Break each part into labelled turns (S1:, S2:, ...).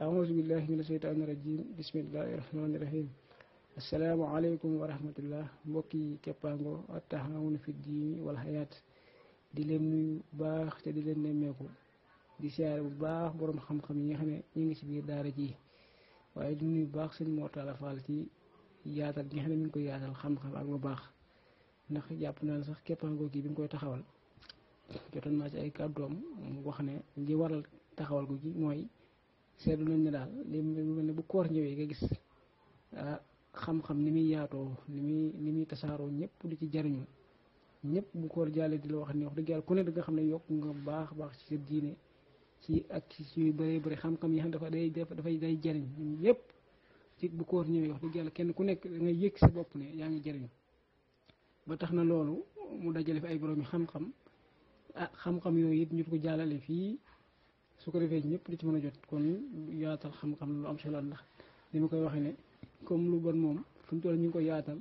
S1: أعوذ بالله من الشيطان الرجيم بسم الله الرحمن الرحيم asalaamaaleykum wa rahmatullah mbokk yi keppaango attaxawuna fi diini wal xayaat di leen nuyu baax te di leen nemmeeku di siyaare bu baax borom xam-xam yi nga xam ne ñu ngi si biir daara ji waaye di nuyu baax seen Mortalla Fall ci yaatal gi nga ngi koy yaatal xam-xam ak lu baax ndax jàpp naa naan sax keppaango gi bi mu koy taxawal jotoon naa ci ay kàddoom mu wax ne li waral taxawal ko gi mooy seetlu nañ ne daal li mu mel ne bu koor ñëwee nga gis ah, xam-xam ni muy yaatoo ni muy ni muy tasaaroo ñëpp di ci jariñu ñëpp bu koor jàllee di la wax ni wax dëgg yàlla ku nga xam ne yokk nga baax baax ci sa diine ak ci suy bëree bëri xam-xam yi xam dafa day dafay day jariñ ñun ci bu koor ñëwee wax dëgg yàlla kenn ku nekk da ngay yëg sa bopp ne yaa ngi jariñu ba tax na loolu mu dajale fi ay borom yi ah, xam-xam yooyu it ñu ko jàllale fii su ko defee ñépp di ci mën a jot kon yaatal xam-xam lu am solo ndax li ma koy waxee ne comme lu bon moom fu mu ñu ngi ko yaatal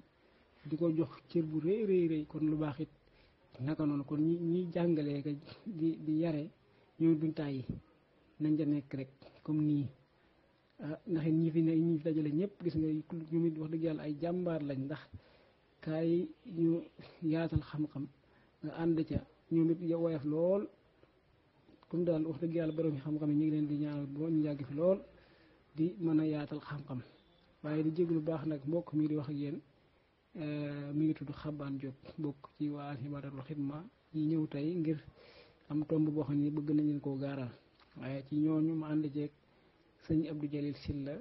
S1: di ko jox cër bu rëy rëy kon lu baax it naka noonu kon ñi ñi jàngalee ka di di yare ñoo duñ tàyyi nañ ca nekk rek comme nii ah, ndax it ñi fi ne ñi fi dajale ñëpp gis nga ñu it wax dëgg yàlla ay jàmbaar lañ ndax kaay ñu yaatal xam-xam nga ànd ca ñoom it woyof lool comme daal wax dëgg yàlla borom xam-xam yi ñu ngi leen di ñaanal boo ñu yàgg fi lool di mën a yaatal xam-xam waaye di jéglu baax nag mbokk mi di wax ak yéen eh, mi ngi tudd Xabaan Diop bokk ci waa Alhibaadatoul Xidma yi ñëw tey ngir am tomb boo xam ne bëgg nañ leen koo gaaral waaye ci ñooñu ma ànd ceeg sëñ Abdou Jalil Silla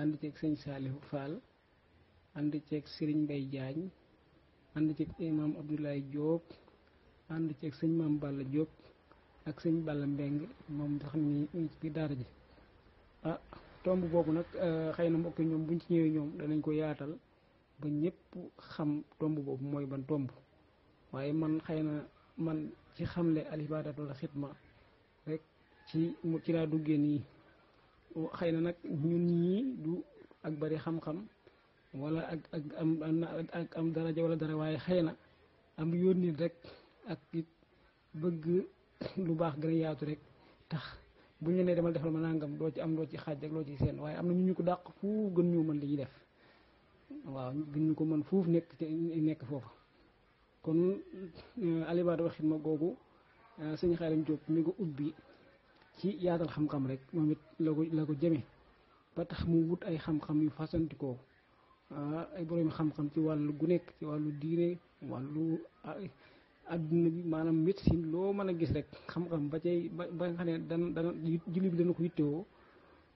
S1: ànd ceeg sëñ Saalihu Fall ànd ceeg Sëriñ Mbay Jaañ ànd ceeg imam Abdoulaye Diop ànd ceeg sëñ Maam Balla Diop ak sëñ Balla Mbeng moom nga xam ni ñu ci biir daara ji ah tomb boobu nag eh, xëy na mbokk ñoom buñ ci ñëwee ñoom danañ ko yaatal ba ñëpp xam tomb boobu mooy ban tomb waaye man xëy na man ci xamle alibadat wala xidma rek ci ci laa duggee nii xëy na nag ñun ñii du ak bari xam-xam wala ak ak am ak daraja wala dara waaye xëy na am yónnil rek ak it bëgg lu baax gën a yaatu rek tax bu ñu nee demal defal ma nàngam doo ci am doo ci xaaj rek loo ci seen waaye am na ñu ñu ko dàq fuuf gën ñoo mën li ñu def waaw gën ñu ko mën foofu nekk ci nekk foofu kon euh, alibaado waxit ma googu euh, sëñ Xaalim Jóob mi ko ubbi ci yaatal xam-xam rek moom it la ko la ko jëme ba tax mu wut ay xam-xam yu fasantikoo euh, ay boroomi xam-xam ci wàll gu nekk ci wàllu diine wàllu adduna bi maanaam médecine loo mën a gis rek xam-xam ba cay ba ba nga xam ne dana dana julli bi dana ko yittewoo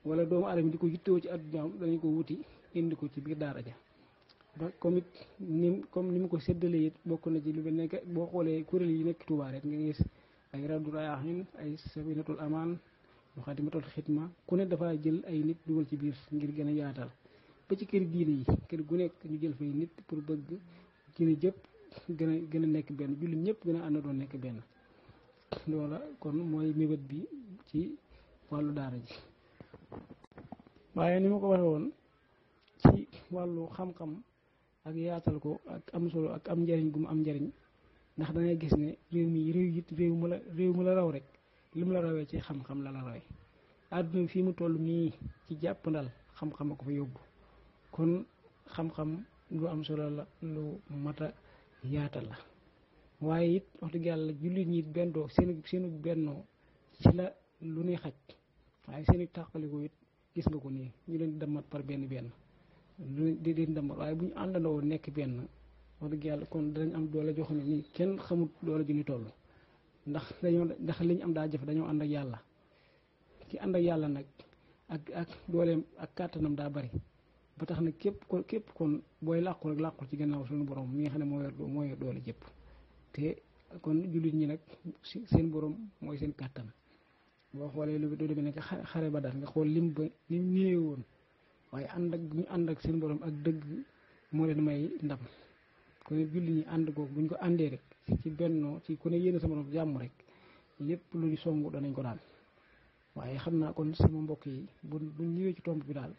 S1: wala doomu aadama di ko yittewoo ci addunaam danañ ko wuti indi ko ci biir daara ja ba comme it ni comme ni mu ko séddalee it bokk na ci lu mel ne boo xoolee kuréel yi nekk Touba rek nga gis ay Radu Rayaahin ay Sabinatul Amaan Muxaddamatul Xidma ku ne dafaa jël ay nit dugal ci biir ngir gën a yaatal ba ci kër diine yi kër gu nekk ñu jël fay nit pour bëgg diine jëpp gën a gën a nekk benn jullit ñëpp gën a ànd doon nekk benn loola kon mooy mébét bi ci wàllu daara ji waaye ni ma ko waxee woon ci wàllu xam-xam ak yaatal ko ak am solo ak am njariñ gu mu am njariñ ndax dangay gis ne réew mi réew mu la raw rek li mu la rawee ci xam-xam la la rawee àdduna fii mu toll nii ci jàppandal xam-xam a ko fa yóbbu kon xam-xam lu am solo la lu mata yaatal la waaye it wax dëgg yàlla jullit ñi bendoo seen seenu bennoo ci la lu ne xaj waaye seeni tàqaliku it gis nga ko nii ñu leen demat par benn benn lu di leen demat waaye bu ñu àndandoo nekk benn wax dëgg yàlla kon danañ am doole jox xam nii kenn xamut doole ju ñu toll ndax dañoo ndax li am daa jafe dañoo ànd ak yàlla ki ànd ak yàlla nag ak ak dooleem ak kàttanam daa bari ba tax na képp ko képp kon booy làqu rek làqu ci gannaaw suñu borom mi nga xam ne moo yor moo yor doole jëpp te kon ñi nag seen borom mooy seen kàttan boo xoolee lu doo demee nekk xare ba daal nga xool lim ba ni néew woon waaye ànd ak ñu ànd ak seen borom ak dëgg moo leen may ndam kon jullit ñi ànd googu buñ ko àndee rek ci bennoo ci ku ne yéene sa borom jàmm rek lépp lu ñu songu danañ ko daal waaye xam naa kon sama mbokk yi bu bu ñëwee ci tomb bi daal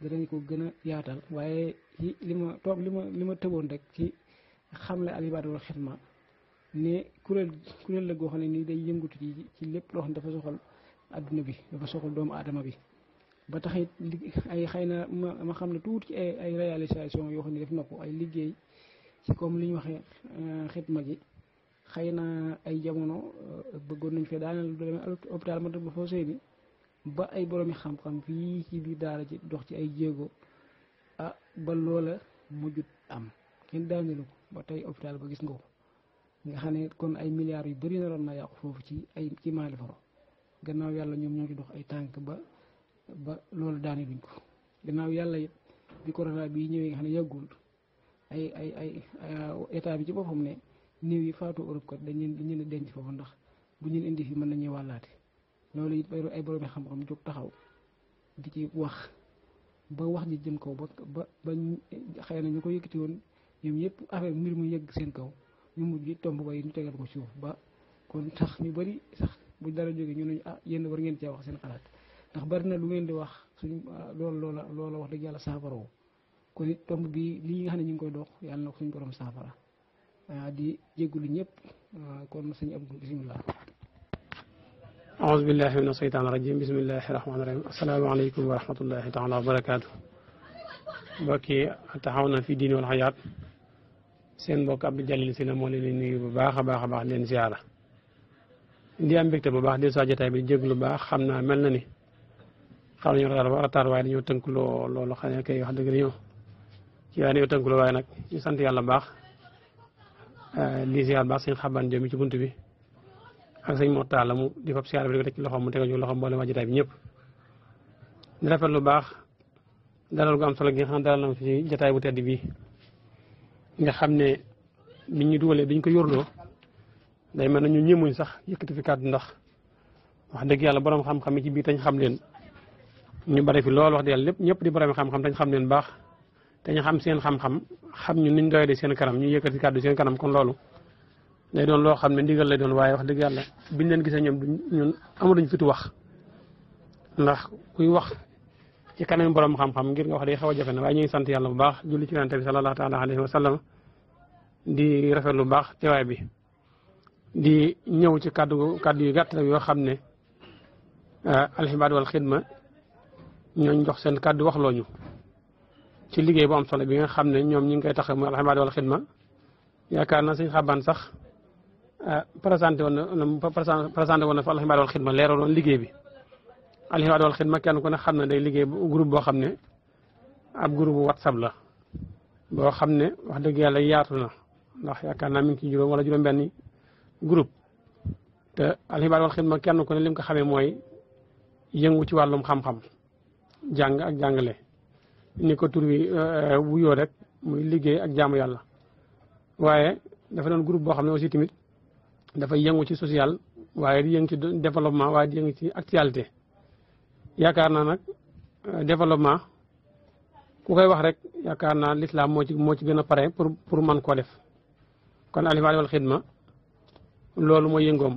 S1: danañ ko gën a yaatal waaye ci li ma toog li ma li ma tëboon rek ci xamle Al Hibadatul Xidma ne kuréel kuréel la goo xam ne nii day yëngatu ci ci lépp loo xam ne dafa soxal adduna bi dafa soxal doomu aadama bi ba tax it li xëy na ma ma xam ne tuuti ci ay ay réalisation yoo xam ne def na ko ay liggéey ci comme li ñu waxee euh, xidma ji xëy na ay jamono euh, bëggoon nañ fee daaneel lu demee hôpital Matlaboul Fawzayni ba ay boroomi xam-xam fii ci biir daara ji dox ci ay jéego ah ba loola mujjut am kenn daaneelu ko ba tey hôpital ba gis nga ko nga xam ne kon ay milliards yu bëri naroon na yàqu foofu ci ay ci Mali faro gannaaw yàlla ñoom ñoo ci dox ay tànk ba ba loolu daane duñ ko gannaaw yàlla it bi corona bi ñëwee nga xam ne yàggul ay ay ay état bi ci boppam ne néew yi faatu Europe kat dañ leen dañ leen denc foofu ndax bu ñu indi fi mën nañuy wàllaate loolu it bay ay boroomi xam-xam jóg taxaw di ci wax ba wax ji jëm kaw ba ba ba xëy na ñu ko yëkkati woon ñoom yëpp affaire mbir mu yëgg seen kaw ñu mujj tomb bay ñu tegal ko suuf ba kon sax ñu bari sax bu dara jógee ñu ne ah yéen war ngeen cee wax seen xalaat ndax bari na lu ngeen di wax suñu ah, loolu loola loola wax dëgg yàlla saafarawu kon it tomb bi lii xam ne ñu ngi koy dox yàlla na ko suñu borom saafara ah, di jéggulu ñëpp ah, kon sëñ Abdou bisimilah.
S2: aouzu billahi mina seytaani rajim bismillahi rahmaani rahim asalaamaaleykum wa rahmatullahi taala wa barakaatu mbokki Tahawuna fi diini wal xayaat seen mbokk Abdou Jalil si na moo leen di nuyu bu baax a baax a baax leen ziara di am mbégte bu baax di saa jotaay bi di jéglu baax xam naa mel na ni xam nañu retard ba waaye dañoo tënk loo loolu xam ne kay wax dëgg dañoo ci waaye dañoo tënk loo waaye nag ñu sant yàlla baax di ziar baax seen xaban jëm ci bunt bi ak sëñ Mourtala mu di ko siyaare bi di mu tegal ñu loxoom mboolem waa jotaay rafet lu baax dalal gu am solo gi xam ne jotaay bu tedd bii nga xam ne biñ ñu dugalee biñ ko yóorloo day man ne ñun ñëmuñ sax yëkkati fi kàddu ndax wax dëgg yàlla borom xam-xam yi ci biir tañ xam leen ñu bari fi lool wax dëgg yàlla lépp di di borom xam-xam tañ xam leen baax te xam seen xam-xam xam ñu niñ doy de seen kanam ñu yëkkati kàddu seen kanam kon loolu day doon loo xam ne ndigal lay doon waaye wax dëgg yàlla biñ leen gisee ñoom ñun amatuñ fitu wax ndax kuy wax ci kanam borom xam-xam ngir nga wax day xaw a jafe na waaye sant yàlla bu baax julli ci yonent bi sallallahu taala alayhi di rafetlu bu baax teewaay bi di ñëw ci kàddu kàddu yu gàtt yoo xam ne eh, alxibaad wal xidma ñooñ jox seen kàddu wax looñu ci liggéey bu solo bi nga xam ne ñoom ñi ngi koy tax muy alxibaad wal xidma yaakaar na suñ xabaan sax Euh, présenté woon na euh, présenté woon na fa alxibaad wal xidma leeral woon liggéey bi alxibaad wal xidma kenn ku ne xam ne day liggéey groupe boo xam ne ab groupe whatsapp la boo xam ne wax dëgg yàlla yaatu na ndax yaakaar naa mi ngi ci juróom wala juróom-benni groupe te alxibaad wal xidma kenn ku ne li ko xamee mooy yëngu ci wàllum xam-xam jàng ak jàngale ni ko tur wi euh, wuyoo rek muy liggéey ak jaamu yàlla waaye dafa doon groupe boo xam ne aussi tamit dafay yëngu ci social waaye di yëngu ci développement waaye di yëngu ci actualité yaakaar naa nag euh, développement ku koy wax rek yaakaar naa lislaam moo ci moo ci gën a pare pour pour man koo def kon Al Hifadatou wal Xidma loolu mooy yëngoom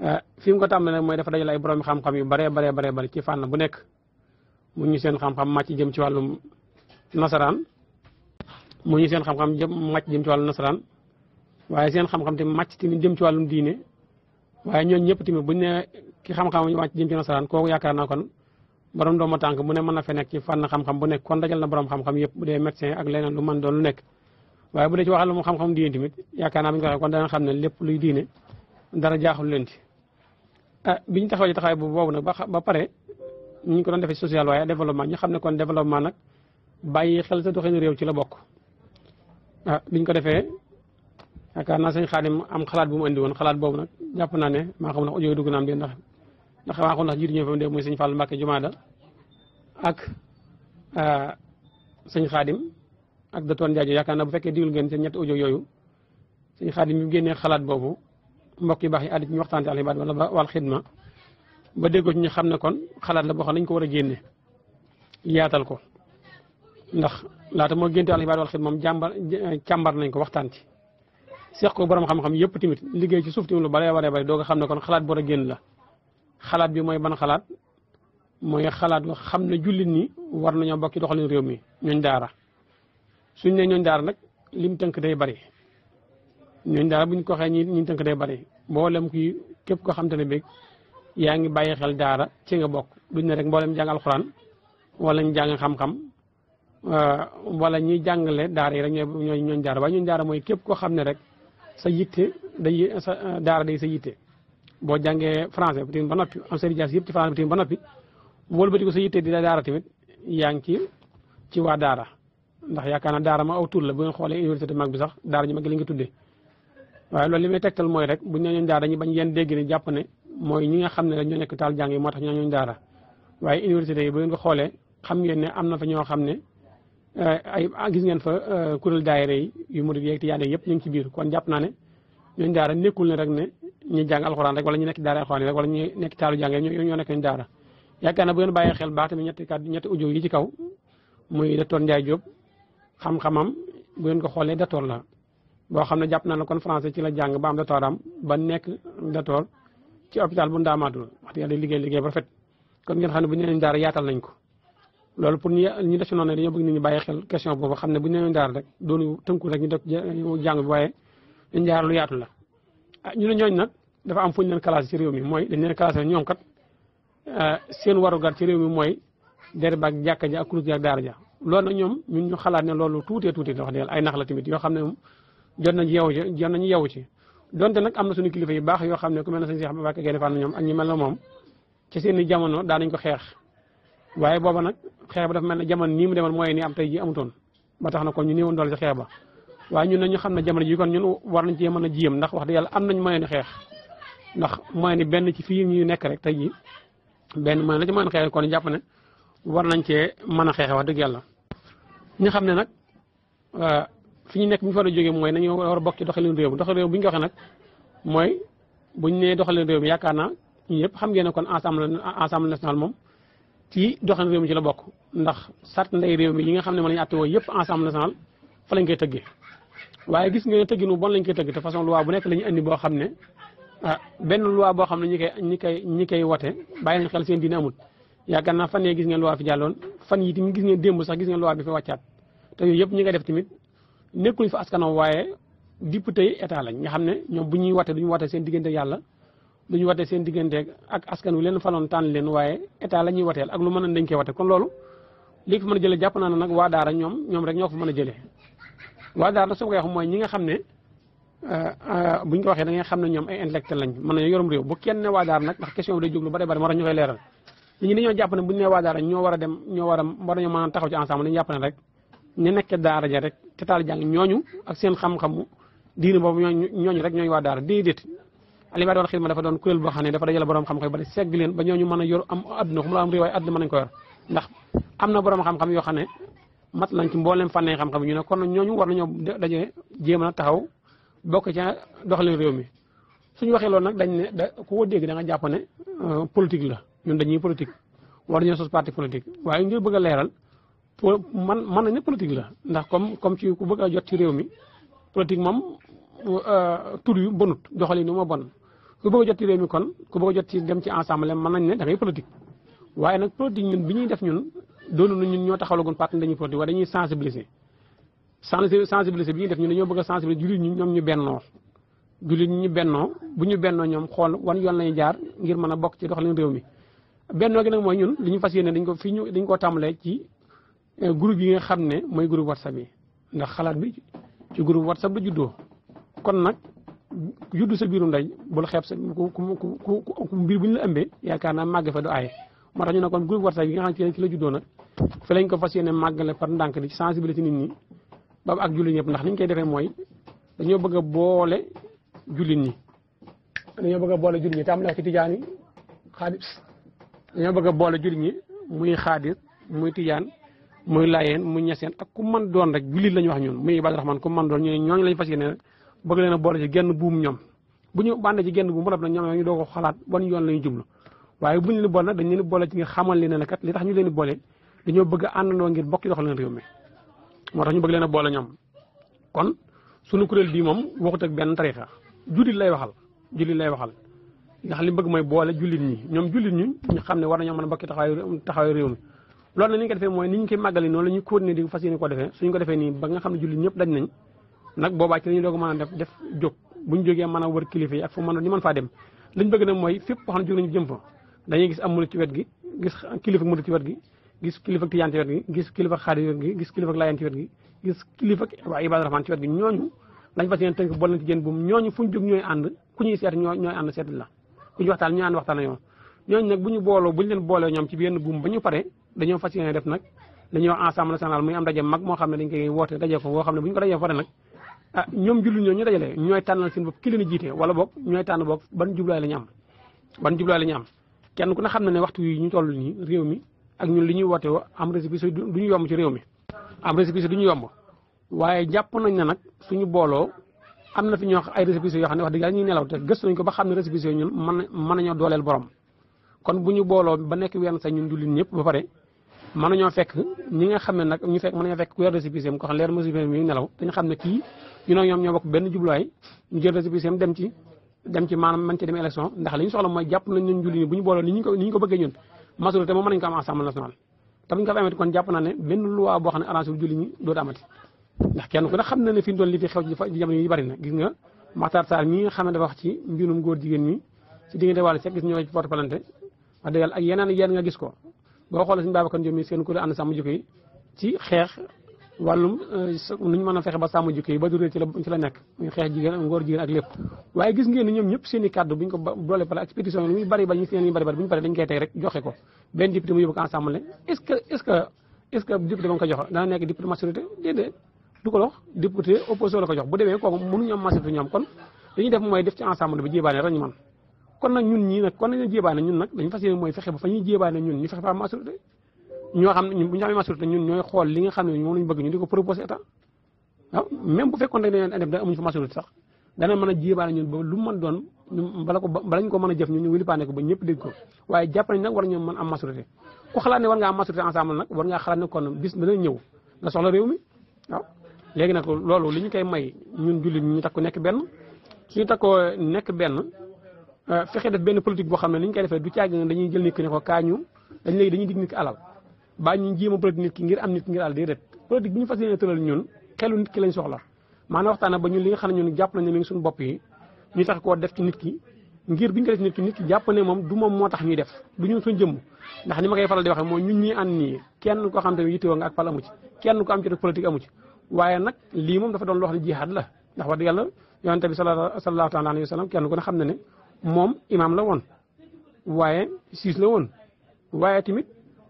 S2: euh, fi mu ko tàmbalee nag mooy dafa dajale ay boroomi xam-xam yu bare bare bare bare ci fànn bu nekk mu ñu seen xam-xam màcc jëm ci wàllu nasaraan mu ñu seen xam-xam jëm màcc jëm ci wàllu nasaraan waaye seen xam-xam tamit màcc tamit jëm ci wàllum diine waaye ñooñu ñëpp tamit buñ ne ki xam-xam ñu wàcc kooku yaakaar naa kon borom doomu tànk bu ne mën na fa nekk ci fànn xam-xam bu nekk kon dajal na borom xam-xam yëpp bu dee médecin ak leneen lu man doon lu nekk waaye bu dee ci waxal mu xam-xam diine tamit yaakaar naa bu ko waxee kon danañ lépp luy diine dara jaaxul leen ci ah bi ñu taxawee ci taxawaay boobu nag ba pare ñu ngi ko defee social waaye développement ñu xam ne kon développement nag bàyyi xel sa doxin réew ci la bokk ah biñ ko defee yaakaar naa sëñ Xaadim am xalaat bu mu andi woon xalaat boobu nag jàpp naa ne maa xam ndax audio dugg na am de ndax ndax maa xam ndax jiitu ñëw fa mu dee muy sëñ Fall Mbàkke Jumaada ak euh, sëñ Xaadim ak Datoon Njaajo yaakaar naa bu fekkee digul ngeen seen ñetti audio yooyu sëñ Xaadim bi mu génnee xalaat boobu mbokk yi baax yi àddi ci ñu waxtaante al ibaad wala wal xidma ba déggoo ci ñu xam ne kon xalaat la boo xam ko war a génne yaatal ko ndax laata moo génte al ibaad wal moom jàmbar càmbar nañ ko waxtaan ci seex ko borom xam-xam yëpp tamit liggéey ci suuf tamit lu bare bare bare doo ko xam ne kon xalaat bor a génn la xalaat bi mooy ban xalaat mooy xalaat nga xam ne jullit ñi war nañoo bokk ci réew mi ñooñ daara suñ ne ñooñ daara nag lim tënk day bari ñooñ daara buñ ko waxee ñi ñu tënk day bari mboolem kii képp ko xam ne bi yaa ngi bàyyi xel daara ci nga bokk duñ ne rek mboolem jàng wala ñu jàng xam-xam euh, wala ñuy jàngale yi rek ñooy ñooñ daara waaye ñooñ daara mooy képp koo xam ne rek sa yitte day sa eh, daara day sa yitte boo jàngee français bu tamit ba noppi am sa lijaas yëpp ci français bi tamit ba noppi wëlbati ko sa yitte di la daara tamit yaa ngi ci waa daara ndax yaakaar na daara ma aw tur la bu ngeen xoolee université mag bi sax daara ñu mag li nga tuddee waaye loolu li may mooy rek bu ñu nee ñooñu ñu bañ yeen dégg ne jàpp ne mooy ñi nga xam ne ñoo nekk taal jàng yi moo tax ñoo ñooñu daara waaye université yi bu xoolee xam ngeen ne am na fa ñoo xam ne Euh, ay ah, gis ngeen fa euh, kuréel daayira yi yu murid yeeg tijaan yëpp ñu ngi ci biir kon jàpp naa ne ñooñu daara nekkul ne rek ne ñu jàng alxuraan rek wala ñu nekk daara alxuraan rek wala ñu nekk taalu jàng ñoo nekk ñu daara yaakaar na bu ngeen xel baax tamit ñetti kàddu ñetti audio yi ci kaw muy docteur Ndiaye Diop xam-xamam bu ngeen ko xoolee docteur la boo xam ne jàpp naa ne kon français ci la jàng ba am docteur am ba nekk docteur ci hôpital bu ndaamaatu wax dëgg yàlla liggéey liggéey ba rafet kon ngeen xam ne bu ñu leen daara yaatal nañ ko loolu pour ñu ñu def si noonu ñu bàyyi xel question boobu xam ne bu ñu nee daara rek doonu tënku waaye dañ jaar lu la. ah ñu ne ñooñu nag dafa am fu ñu leen classé réew mi mooy dañ leen classé ñoom kat ah, seen warugar ci réew mi mooy derba ak jàkka ja ak kurus ja ak daara loolu nag ñoom ñun ñu xalaat ne loolu tuutee tuutee wax dëgg ay nax la tamit yoo xam ne jot nañu yeewu ci jot nañu yeewu ci donte nag am na suñu kilifa yu baax yoo xam ne ku mel ne sañ si xam ne Mbàkke Gaynde Fatma ñoom ak ñi mel na moom ci seen i jamono nañ ko xeex waaye booba nag xeex ba dafa mel na jamono nii mu demoon mooy ni am tey ji amutoon ba tax na kon ñu néewoon doole ci xeex ba waaye ñun nañu xam ne jamono ji kon ñu war nañ cee mën a jiyam ndax wax dëgg yàlla am nañ moyen xeex ndax moyen ni benn ci fii ñu nekk rek tey ji benn moyen la ci moyen xeex kon jàpp ne war nañ cee mën a xeex dëgg yàlla ñu xam ne nag euh, fi ñu nekk bu ñu a jógee mooy nañu war a bokk ci doxalin réew mi bu ñu ko waxee nag mooy bu ñu nee doxalin réew mi yaakaar naa ñun yëpp xam ngeen ne kon ensemble ensemble national moom ci doxalin réew mi ci la bokk ndax sart ndey réew mi yi nga xam ne moom la ñu àtte woo yëpp ensemble national fa lañ koy tëggee waaye gis nga ne tëgginu bon lañ koy tëgg te façon loi bu nekk la ñu indi boo xam ne ah benn loi boo xam ne ñi koy ñi koy ñi koy wote bàyyi nañ xel seen diine amul yaakaar naa fan yee gis ngeen loi fi jàlloon fan yi tamit gis ngeen démb sax gis ngeen loi bi fa wàccaat te yooyu yëpp ñu koy def tamit nekkuñ fa askanam waaye député yi état lañ nga xam ne ñoom bu ñuy wote du ñu wote seen diggante yàlla du ñu wate seen diggante ak askan wi leen faloon tànn leen waaye état la ñuy wateel ak lu mën a dañ koy wate kon loolu li ko mën a jëlee jàpp naa ne nag waa daara ñoom ñoom rek ko fa a jëlee waa daara mooy ñi nga xam ne euh, bu ñu ko waxee da ngay xam ne ñoom ay intellectuel lañ mën nañoo yorum réew bu kenn ne waa daara nag ndax question bi day jóg lu bari bari moo tax ñu koy leeral nit ñi dañoo jàpp ne bu ñu nee waa daara ñoo war a dem ñoo war a war nañoo a taxaw ci ensemble dañu jàpp rek ñu nekk daara ja rek te taal jàng ñooñu ak seen xam-xamu diine boobu ñooñu rek ñooñu waa daara déedéet alimaari wal xidma dafa doon kuréel boo xam ne dafa dajale borom xam-xam bari segg leen ba ñooñu mën a yor am adduna mu la am réew waaye adduna mën nañ ko yor ndax am na boroom xam-xam yoo xam ne mat nañ ci mboolem fànne xam-xam ñu ne kon ñooñu war nañoo daje jéem a taxaw bokk ca doxalin réew mi suñu waxee loolu nag dañ ne da ku ko dégg da nga jàpp ne euh, politique la ñun dañuy politique war nañoo sos parti politique waaye ngir bëgg a leeral man mën nañ ne politique la ndax comme comme ci ku bëgg a jot ci réew mi politique moom euh, tur yu bonut doxalin yu ma bon ku bëgg a jot ci réew mi kon ku bëgg a jot ci dem ci ensemble mën nañ ne da ngay politique waaye nag politique ñun bi ñuy def ñun doonu ñun ñoo taxawlagoon parti dañuy politique waaye dañuy sensibiliser sensibiliser bi ñuy def ñun dañoo bëgg a sensibiliser jullit ñi ñoom ñu bennoo jullit ñi ñu bennoo bu ñu bennoo ñoom xool wan yoon lañu jaar ngir mën a bokk ci doxalin réew mi bennoo gi nag mooy ñun li ñu fas yéene dañ ko fii ñu dañ koo tàmbalee ci eh, groupe yi nga xam ne mooy groupe whatsapp yi ndax xalaat bi ci groupe la juddoo kon nag juddu sa biiru ndey bul xeeb sa ku ku ku mbir bu ñu la ëmbee yaakaar naa màgg fa du aaye moo tax ñu ne kon groupe WhatsApp yi nga xam ne ci la juddoo nag fi lañ ko fas yéene màggale par ndànk di sensibiliser nit ñi ba ak jullit ñëpp ndax niñ koy defee mooy dañoo bëgg a boole jullit ñi dañoo bëgg boole jullit ñi tàmbalee ci yi xaadir dañoo bëgg a boole jullit ñi muy xaadir muy tijaan muy laayeen muy ñaseen ak ku mën doon rek jullit lañu wax ñun muy ibaadu raxmaan lañ fas yéene bëgg leen a boole ci genn buum ñoom bu ñu bànde ci genn buum ba nag a xalaat ban yoon la ñu jublu waaye bu ñu leen boole nag dañ leen boole ci nga xamal leen ne kat li tax leen boole dañoo bëgg a àndandoo bokk doxal leen moo tax ñu a boole ñoom kon suñu kuréel bii moom waxut ak benn tarixa jullit lay waxal lay waxal ndax li bëgg mooy boole a bokki taxawaayu taxawaayu réew mi loolu nag ni ñu ko defee mooy ni ñu koy màggali noonu la ñuy continuer di fas yéene ko defee suñu ko defee nii ba nga xam ne jullit ñëpp dañ nañ nag boobaa ci la ñu doog mën a def def jóg buñ jógee mën a wër kilifa yi ak fu mën ñu mën faa dem liñ bëgg na mooy fépp boo xam ne jóg nañu jëm fa dañuy gis wet gi gis kilifa murit ci wet gi gis kilifa tijaan ci wet gis kilifa xaadir ci wet gi gis kilifa laayeen gi gis kilifa waa ibaadu rahmaan ci wet gi ñooñu lañ fas yéene tënk boole ci jën buum ñooñu fu ñu jóg ñooy ànd ku ñuy seet ñooy ànd seet la ku ñu waxtaan ñooy ànd waxtaan ak ñoom ñooñu nag bu ñu booloo bu ñu leen boolee ñoom ci benn buum ba ñu pare dañoo fas yéene def nag dañoo ensemble moo xam ne woote daje ko boo xam ne bu ñu ko dajee ah ñoom jullit ñoo ñu dajale ñooy tànnal seen bopp ki leen a jiite wala boog ñooy tànn boog ban jubluwaay la ñu am ban jubluwaay la ñu am kenn ku ne xam na ne waxtu yi ñu toll nii réew mi ak ñun li ñuy woote woo am récépissé du ñu yomb ci réew mi am récépissé du ñu yomb waaye jàpp nañ ne nag suñu booloo am na fi ñoo yoo xam ne wax dëgg yàlla ñuy xam ne récépissé yi ñun mën mën nañoo dooleel ñu booloo ba nekk wenn sa ñun jullit ñëpp ba pare mën nañoo fekk ñi nga xam ne nag ñu fekk mën nañoo fekk ku yor récépissé mu ko xam leer récépissé mi nelaw dañu xam ne kii ñu ne ñoom ñoo bokk benn jubluwaay ñu jël récépissé dem ci dem ci ci dem élection ndax li ñu soxla mooy jàpp nañ ñun julli ñi bu ñu booloo ni ñu ko bëggee ñun majorité moom mën nañu ko am assemblée nationale te bu ñu ku xam na ne fi ñu doon li fi xew ci jamono yi bari na gis nga Makhtar ko boo xoolee suñu Babacar Ndiome seen kuréel ci xeex wàllum euh, nuñ mën a fexe ba sàmm jikko yi ba durée ci la ci la nekk muy xeex jigéen ngóor jigéen ak lépp waaye gis ngeen ni ñoom ñëpp seen i kàddu buñ ko doole pare ak pétition yi lu bu ñu ko benn député mu yóbbu ko ensemble est-ce que nga ko joxe dana nekk député majorité ñoom kon li def mooy def ci ensemble bi jébaane rek ñu man kon nag ñun ñii nag kon nañu jébaane ñun nag dañu fas yéene mooy fexe ba fa ñuy jébaane ñun ñu fexe ba am majorité ñoo xam ne bu ñu amee majorité ñun ñooy xool li nga xam ne moom la ñu bëgg ñu di ko proposé état waaw même bu fekkoon rek ne da amuñu fa majorité sax dana mën a jéebaane ñun ba lu mën doon ñu bala ko bala ñu ko mën a jëf ñun ñu wilipaane ko ba ñëpp dégg ko waaye jàpp nañ nag war ñoo mën am majorité ku xalaat ne war ngaa am majorité ensemble nag war ngaa xalaat ne kon bis dana ñëw nga soxla réew mi waaw léegi nag loolu li ñu koy may ñun jullit ñu takku nekk benn suñu takkoo nekk benn euh, fexe def benn politique boo xam ne li ñu koy defee du caagi dañuy jël nit ki ne ko kaa ñu dañ léegi dañuy dig nit ki alal baa ñu jéem a politique nit ki ngir am nit ki ngir àll di ret politique bi ñu fas yéene tëral ñun xelu nit ki lañ soxla maanaam waxtaan ba ñun li nga xam ne ñu def ci nit ki ngir bi ñu ko def ci nit ki jàpp ne moom du moom moo tax ñuy def du ñun suñ jëmm ndax ni ma koy faral di waxee mooy ñun ñuy ànd nii kenn koo xam te yittewoo nga ak pal amu ci kenn ko am ci politique amu ci waaye nag lii moom dafa doon loo xam ne jihaad la ndax wax dëgg yàlla yonente bi sallallahu taala alayhi wa kenn ku ne xam na ne moom imaam la woon waaye siis la woon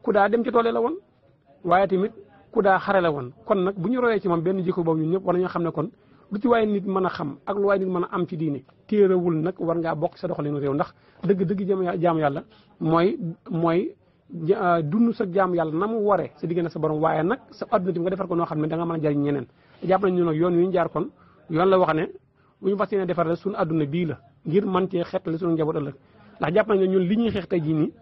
S2: ku daa dem ci tool la woon waaye tamit ku daa xare la woon kon nag bu ñu royee ci moom benn jikko boobu ñun ñëpp war nañoo xam ne kon lu ci waaye nit mën a xam ak lu mën a am ci diine téerewul nag war ngaa bokk sa doxalinu réew ndax dëgg-dëgg jam jaamu yàlla mooy mooy euh, dund sa jaam yàlla na mu waree sa diggante sa borom waaye nag sa adduna tim nga defar ko noo xam ne danga nga mën a jariñ ñeneen jàpp nañ ñu nag yoon wi ñu jaar kon yoon la wax ne bu ñu fas yéene defar la suñu adduna bii la ngir mën cee xettali suñu njaboot la ndax jàpp nañ li ñuy xeex tey jii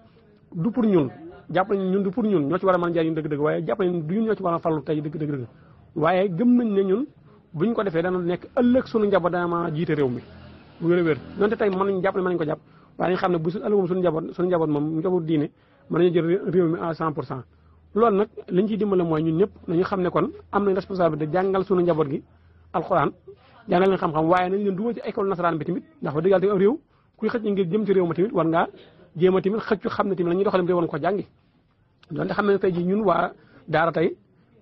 S2: du pour ñun jàpp nañ ñun du pour ñun ñoo ci war a mën a jariñ ñun dëgg-dëgg waaye jàpp nañ du war a fallu tey dëgg-dëgg waaye gëm nañ ne ñun buñ ko defee dana nekk ëllëg suñu njaboot dana jiite réew mi wér a wér donte tey mën nañ ko jàpp waaye xam ne bu suñ ëllëgum suñu njaboot suñu njaboot moom njaboot diine mën nañu jël cent pour cent loolu nag liñ ciy dimbale mooy ñun ñëpp nañu xam ne kon am nañ responsabilité jàngal suñu njaboot gi alxuraan jàngal leen xam-xam waaye nañ leen dugal ci école nasaraan bi tamit ndax ba dëggal tamit réew kuy xëcc ngir jëm ci réew ma tamit war jéem a tamit xëccu xam ne tamit la ñuy doxalee réewoon ko jàngi donte xam ne tey jii ñun waa daara tey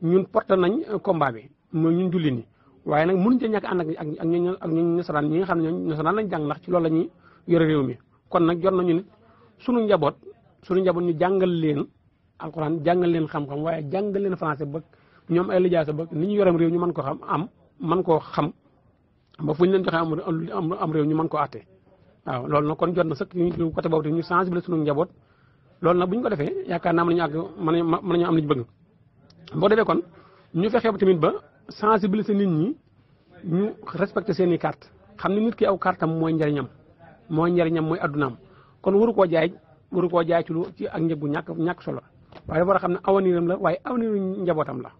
S2: ñun porte nañ komba bi mooy ñun julli ni waaye nag mënuñ ca ñàkk ànd ak ak ñu ak ñu nasaraan ñi nga xam ne ñoo nasaraan lañ jàng ndax ci loolu la yore réew mi kon nag jot nañu nit suñu njaboot suñu njaboot ñu jàngal leen alxuraan jàngal leen xam-xam waaye jàngal leen français ba ñoom ay lijaasa ba ni ñu yore réew ñu man ko xam am man koo xam ba fu ñu leen joxe am am réew ñu mën ko àtte waaw loolu na kon jot na sëkk ñu côté boobu ñu sensibiliser suñu njaboot loolu na bu ñu ko defee yaakaar naa mën nañu àgg mën nañu am li ñu bëgg boo defee kon ñu fexe tamit ba sensibiliser nit ñi ñu seen i carte xam ne nit ki aw carte am mooy njariñam mooy njariñam mooy addunaam kon waru koo jaay waru koo jaay ci ci ak njëg bu ñàkk ñàkk solo waaye war a xam ne awaniram la waaye awaniru njabootam la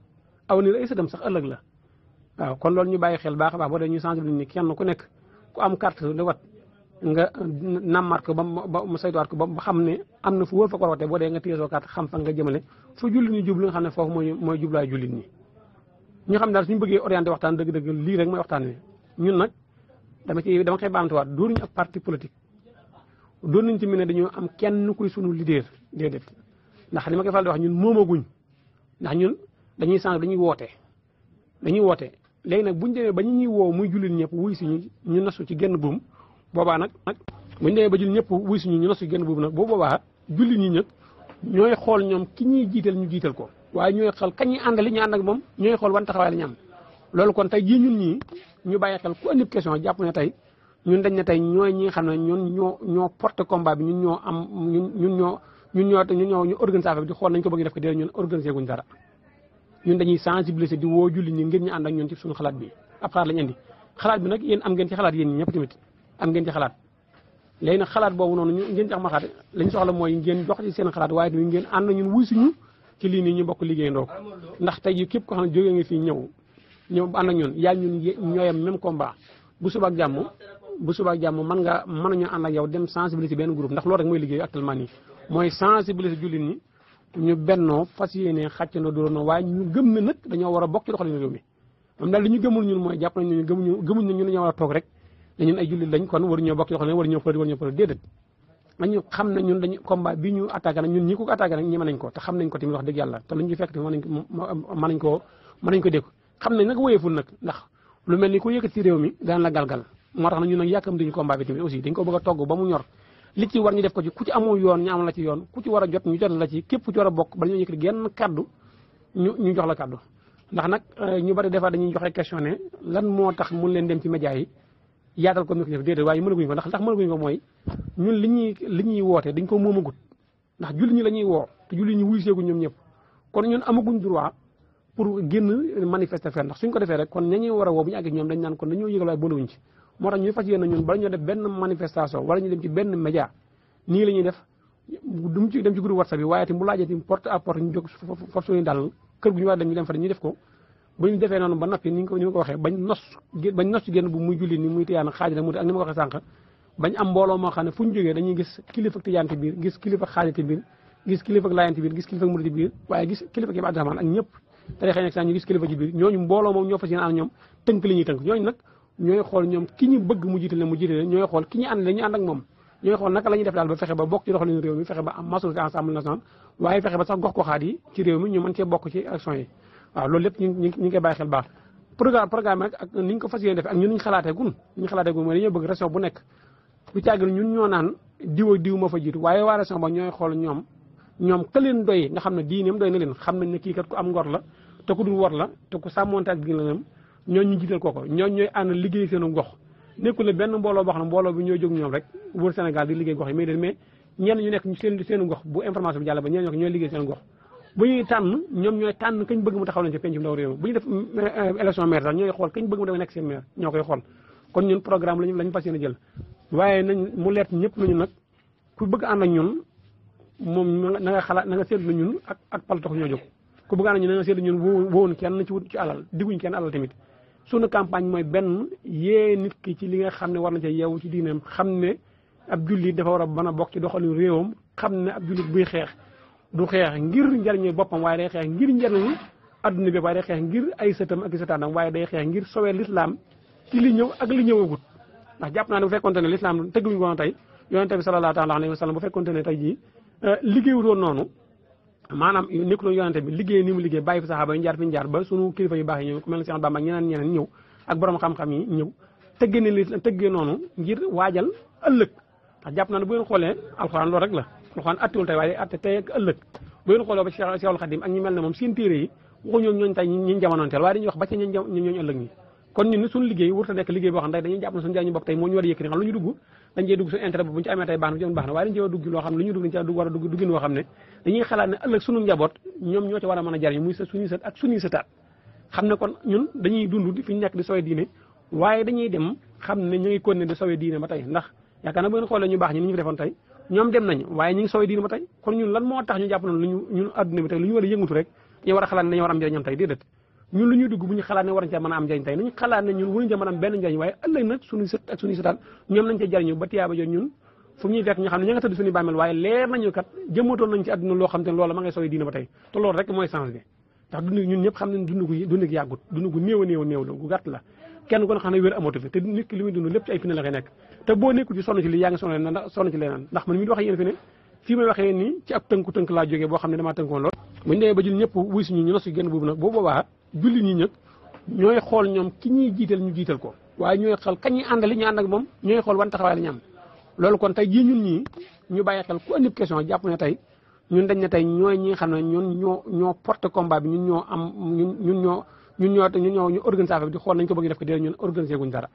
S2: awanir ay sëtam sax ëllëg la waaw kon loolu ñu bàyyi xel baax a baax boo dee ñu sensibiliser ni kenn ku nekk ku am carte di wat nga nammaat ko ba mu saytuwaat ko ba mu xam ne am na fu wóor fa ko rootee boo dee nga téye soo kaat xam fa nga jëmale fa julli ñu jublu nga xam ne foofu mooy mooy jublaay jullit ñi. ñu xam daal suñu bëggee orienté waxtaan dëgg-dëgg lii rek mooy waxtaan ñun nag dama ci dama koy baamtuwaat dóor ñu parti politique. doon nañ ci mu ne dañoo am kenn kuy sunu leader déedéet ndax li ma koy wax ñun moomaguñ ndax ñun dañuy sànq dañuy woote dañuy woote léegi nag buñ demee ba ñuy woo muy jullit ñëpp wuy si ñu ñu nasu ci genn buum boobaa nag nag bu ñu demee ba jël ñëpp wuy suñu ñu nosu genn boobu nag bu boobaa jullit ñi nag ñooy xool ñoom ki ñuy jiital ñu jiital ko waaye ñooy xool kañ ñuy àndali ñu ànd ak moom ñooy xool wan taxawaay la ñu loolu kon tey jii ñun ñii ñu bàyyi xel ku ëndib jàpp ne tey ñun dañ ne tey ñooy ñi nga xam ne ñun ñoo ñoo porte combat bi ñun ñoo am ñun ñun ñoo ñun ñoo ñun ñoo ñu organisé affaire bi di xool nañ ko bëgg ko dee ñun organisé guñ dara ñun dañuy sensibiliser di woo ñi ngir ñu ànd ak ñun ci suñu xalaat bi ab xalaat lañ indi xalaat bi nag yéen am ngeen ci xalaat yéen ñi ñëpp tamit am ngeen ci xalaat léegi nag xalaat boobu noonu ñu ngeen ci am xalaat lañ soxla mooy ngeen jox ci seen xalaat waaye tamit ngeen ànd ñun wuy suñu ci lii nii ñu bokk liggéeyandoo ko ndax tey jii képp ko xam ne jógee nga fii ñëw ñëw ànd ak ñun yaa ñun ñooyam même combat bu suba ak jàmm bu suba ak jàmm mën nga mën nañoo ànd ak yow dem sensibiliser benn groupe ndax loolu rek mooy liggéey actuellement nii mooy sensibiliser jullit ñi ñu bennoo fas yéene xàccandoo dóoróonoo waaye ñu gëm ne nag dañoo war a bokk ci doxalin réew mi moom daal li ñu gëmul ñun mooy jàpp nañ ñu gëmuñu gëmuñ na ñu war a toog rek nañu ñun ay jullit lañ kon waruñoo bokk yoo xam ne ñun dañu combat bi ñu attaqué nag ñun ñi ko attaqué nag ñeme nañ te xam nañ ko tamit wax dëgg yàlla te luñ ñu ko mën ko dégg xam nañ nag wóyeeful nag ndax lu mel ni ku yëkkati ci réew mi daan la galgal moo tax na ñun nag yàkkam duñu combat bi dañ ko bëgg togg ba ñor li ci war ñu ko ci ku ci amul yoon ñu la yoon ku ci a jot ñu képp ku ci war a bokk bala ñu yëkkati ñu ñu jox la kaddu ndax nag euh, ñu bari des fois dañuy joxe question ne lan moo tax mun leen dem ci média yi yaatal ko micro déedéet waaye mënaguñ ko ndax ndax mënaguñ ko mooy ñun li ñuy li ñuy woote dañ ko moomagut ndax julli ñi la ñuy woo te julli ñi wuy seegu ñoom ñëpp kon ñun amaguñ droit pour génn manifester fenn ndax suñ ko defee rek kon ña ñu war a woo bu ñu àggee ñoom dañ naan kon dañoo yëgal waaye bonawuñ ci moo tax ñuy fas yéene ñun manifestation wala ñu dem ci benn média nii la def du mu ci dem ci groupe WhatsApp bi waaye tamit bu laajee tamit porte à ñu jóg foofu suñuy dal kër gu ñu war a dem ñu dem fa ñu def ko bu ñu defee noonu ba noppi ni ñu ko ni ma ko waxee bañ nos bañ nos génn bu muy julli ni muy tiyaan xaaj na mu ak ni ma ko waxee sànq bañ am mbooloo moo xam ne fu ñu jógee dañuy gis kilifa tijaan ci biir gis kilifa xaaj biir gis kilifa laayeen ci gis waaye gis kilifa ki abdourahman ak ñëpp tarixee nekk sax ñu biir ñooñu mbooloo moom ñoo fas yéene ànd ñoom tënk li ñuy tënk ñooñ nag ñooy xool ñoom ki ñu bëgg mu jiital ne mu jiital ñooy xool ki ñu ànd la ñu ak moom ñooy xool naka la ñuy def daal ba fexe ba bokk ci doxalin réew mi fexe ba am majorité assemblée nationale waaye fexe ba sax gox réew ñu mën bokk ci élection waaw loolu yëpp ñu ngi ñu ngi koy bàyyi xel baax programme programme rek ak ko fas yéene defee ak ñun ñu xalaatee gun ñu xalaatee gun mooy dañoo bëgg région bu nekk bu caagin ñun ñoo naan diw ak diw moo fa jiitu waaye waa région ba ñooy xool ñoom ñoom ka leen doy nga xam ne diineem doy na leen xam nañ ne kii kat ku am ngor la te ku dul wor la te ku sàmmonte ak diineem ñoo ñu jiital kooko ñoo ñooy ànd liggéey seenu gox nekkul ne benn mbooloo boo xam ne mbooloo bi ñoo jóg ñu nekk seen seenu gox bu information bi jàll ñoo bu ñuy tànn ñoom ñooy tànn kañ bëgg mu taxaw leen ci pencum ndaw réew bu ñu def euh, euh, élection maire sax ñooy xool kañ bëgg mu dafa nekk seen maire ñoo koy xool kon ñun programme lañu lañu fas yéene jël waaye nañ mu leet ñëpp nañu nag ku bëgg ànd ak ñun moom na nga xalaat na nga seetlu ñun ak ak pal tax ñoo jóg ku bëgg ànd ak ñun na nga seetlu ñun woon kenn ci wut ci alal digguñ kenn alal tamit sunu campagne mooy benn yee nit ki ci li nga xam ne war na ca yeewu ci diineem xam ne ab jullit dafa war a mën a bokk ci doxalin réewam xam ne ab jullit buy xeex du xeex ngir njariñu boppam waaye day xeex ngir njariñu adduna bi waaye day xeex ngir ay sëtam ak i sëtaanam waaye day xeex ngir sowee lislaam ci li ñëw ak li ñëwagut ndax jàpp naa ne bu fekkonte ne lislaam tëgguñu woon tey yonente bi sallallahu taala alayhi wa sallam bu fekkonte ne tey jii euh, liggéeyut noonu maanaam nekku loon yonente bi liggéey ni mu liggéey bàyyi fi saxaaba yi ñu jaar ba sunu kilifa yu baax yi ñëw ku mel ne Cheikh Bamba ak ñeneen ñeneen yi ñëw tëggee ne li tëggee noonu ngir waajal ëllëg ndax jàpp naa ne bu ngeen xoolee alxuraan loolu rek la kon a nekk liggéey boo xam ne dañuy jàpp na suñu jaay ñu a yëkkati xam lu ñu dugg dañ cee dugg suñu intérêt bu ñu ci amee tey baax na bu baax na waaye a dugg ñu dugg dañ a dugg duggin ñu nekk di sowe diine waaye dañuy dem xam ne ñu ngi continuer di sowe diine ba tey ndax yaakaar na bu ngeen xoolee ñu baax ñi ni ñu fi defoon tey ñoom dem nañ waaye ñu ngi sooy ba tey kon ñun lan moo tax ñu jàpp noonu lu ñu war a yëngatu rek ñu war a xalaat ne dañu war a am njëriñam tey déedéet ñun lu dugg bu ñu xalaat a am nañu xalaat ne ñun waruñu cee am benn njëriñ waaye ëllëg nag suñuy sët ak suñuy sëtaat ñoom nañ cee jariñu ba tiyaaba jot ñun fu ñuy fekk ñu xam ne ña nga tëdd suñu bàmmeel waaye leer nañu kat jëmmatoon nañ ci adduna loo xam te loola ma ngay sooy diina ba tey te rek mooy sens bi ndax dund ñun ñëpp xam ne dund gu dund gu yàggut dund nekk te boo nekkul ci sonn ci lii yaa ngi sonn na sonn ndax man mi di wax yéen fi ne fii may waxee nii ci ab tënku-tënk laa jógee boo xam ne damaa tënkoon lool bu ñu demee ñu nosu genn boobu nag boo boobaa julli xool ñoom ki ñuy jiital ñu jiital ko waaye ñooy xool kañ ñuy àndali ñu ànd ak moom ñooy xool wan taxawaay la ñu am loolu kon tey jii ñun ñii ñu bàyyi xel ku andi question jàpp ña tey ñun dañ ne tey ñooy ñii xam ne ñun ñoo ñoo porte compa bi ñun ñoo am ñun ñun ñoo ñun ñoo ñun ñoo ñu organisation bi di xool nañ ko bëgg def ko dee ñun organisé guñ dara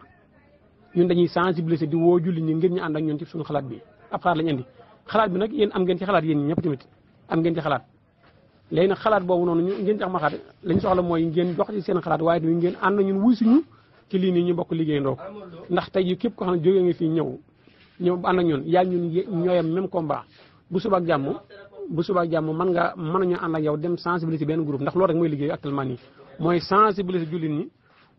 S2: ñun dañuy sensibiliser di woo julli ñi ngir ñu ànd ak ñun ci suñu xalaat bi ab xalaat lañ indi xalaat bi nag yéen am ngeen ci xalaat yéen ñi ñëpp tamit am ngeen ci xalaat léegi xalaat boobu noonu ñu ngeen ci am lañ soxla mooy ngeen jox ci seen xalaat waaye tamit ngeen ànd ñun wuy suñu ci lii nii ñu bokk liggéeyandoo ndax tey jii képp ko xam ne jógee nga fii ñëw ñëw ànd ak ñun yaa ñun ñooyam même combat bu subaak jàmm bu subaak jàmm mën nga mën nañoo ànd ak yow dem sensibiliser benn groupe ndax loolu rek mooy liggéey actuellement nii mooy sensibiliser jullit ñi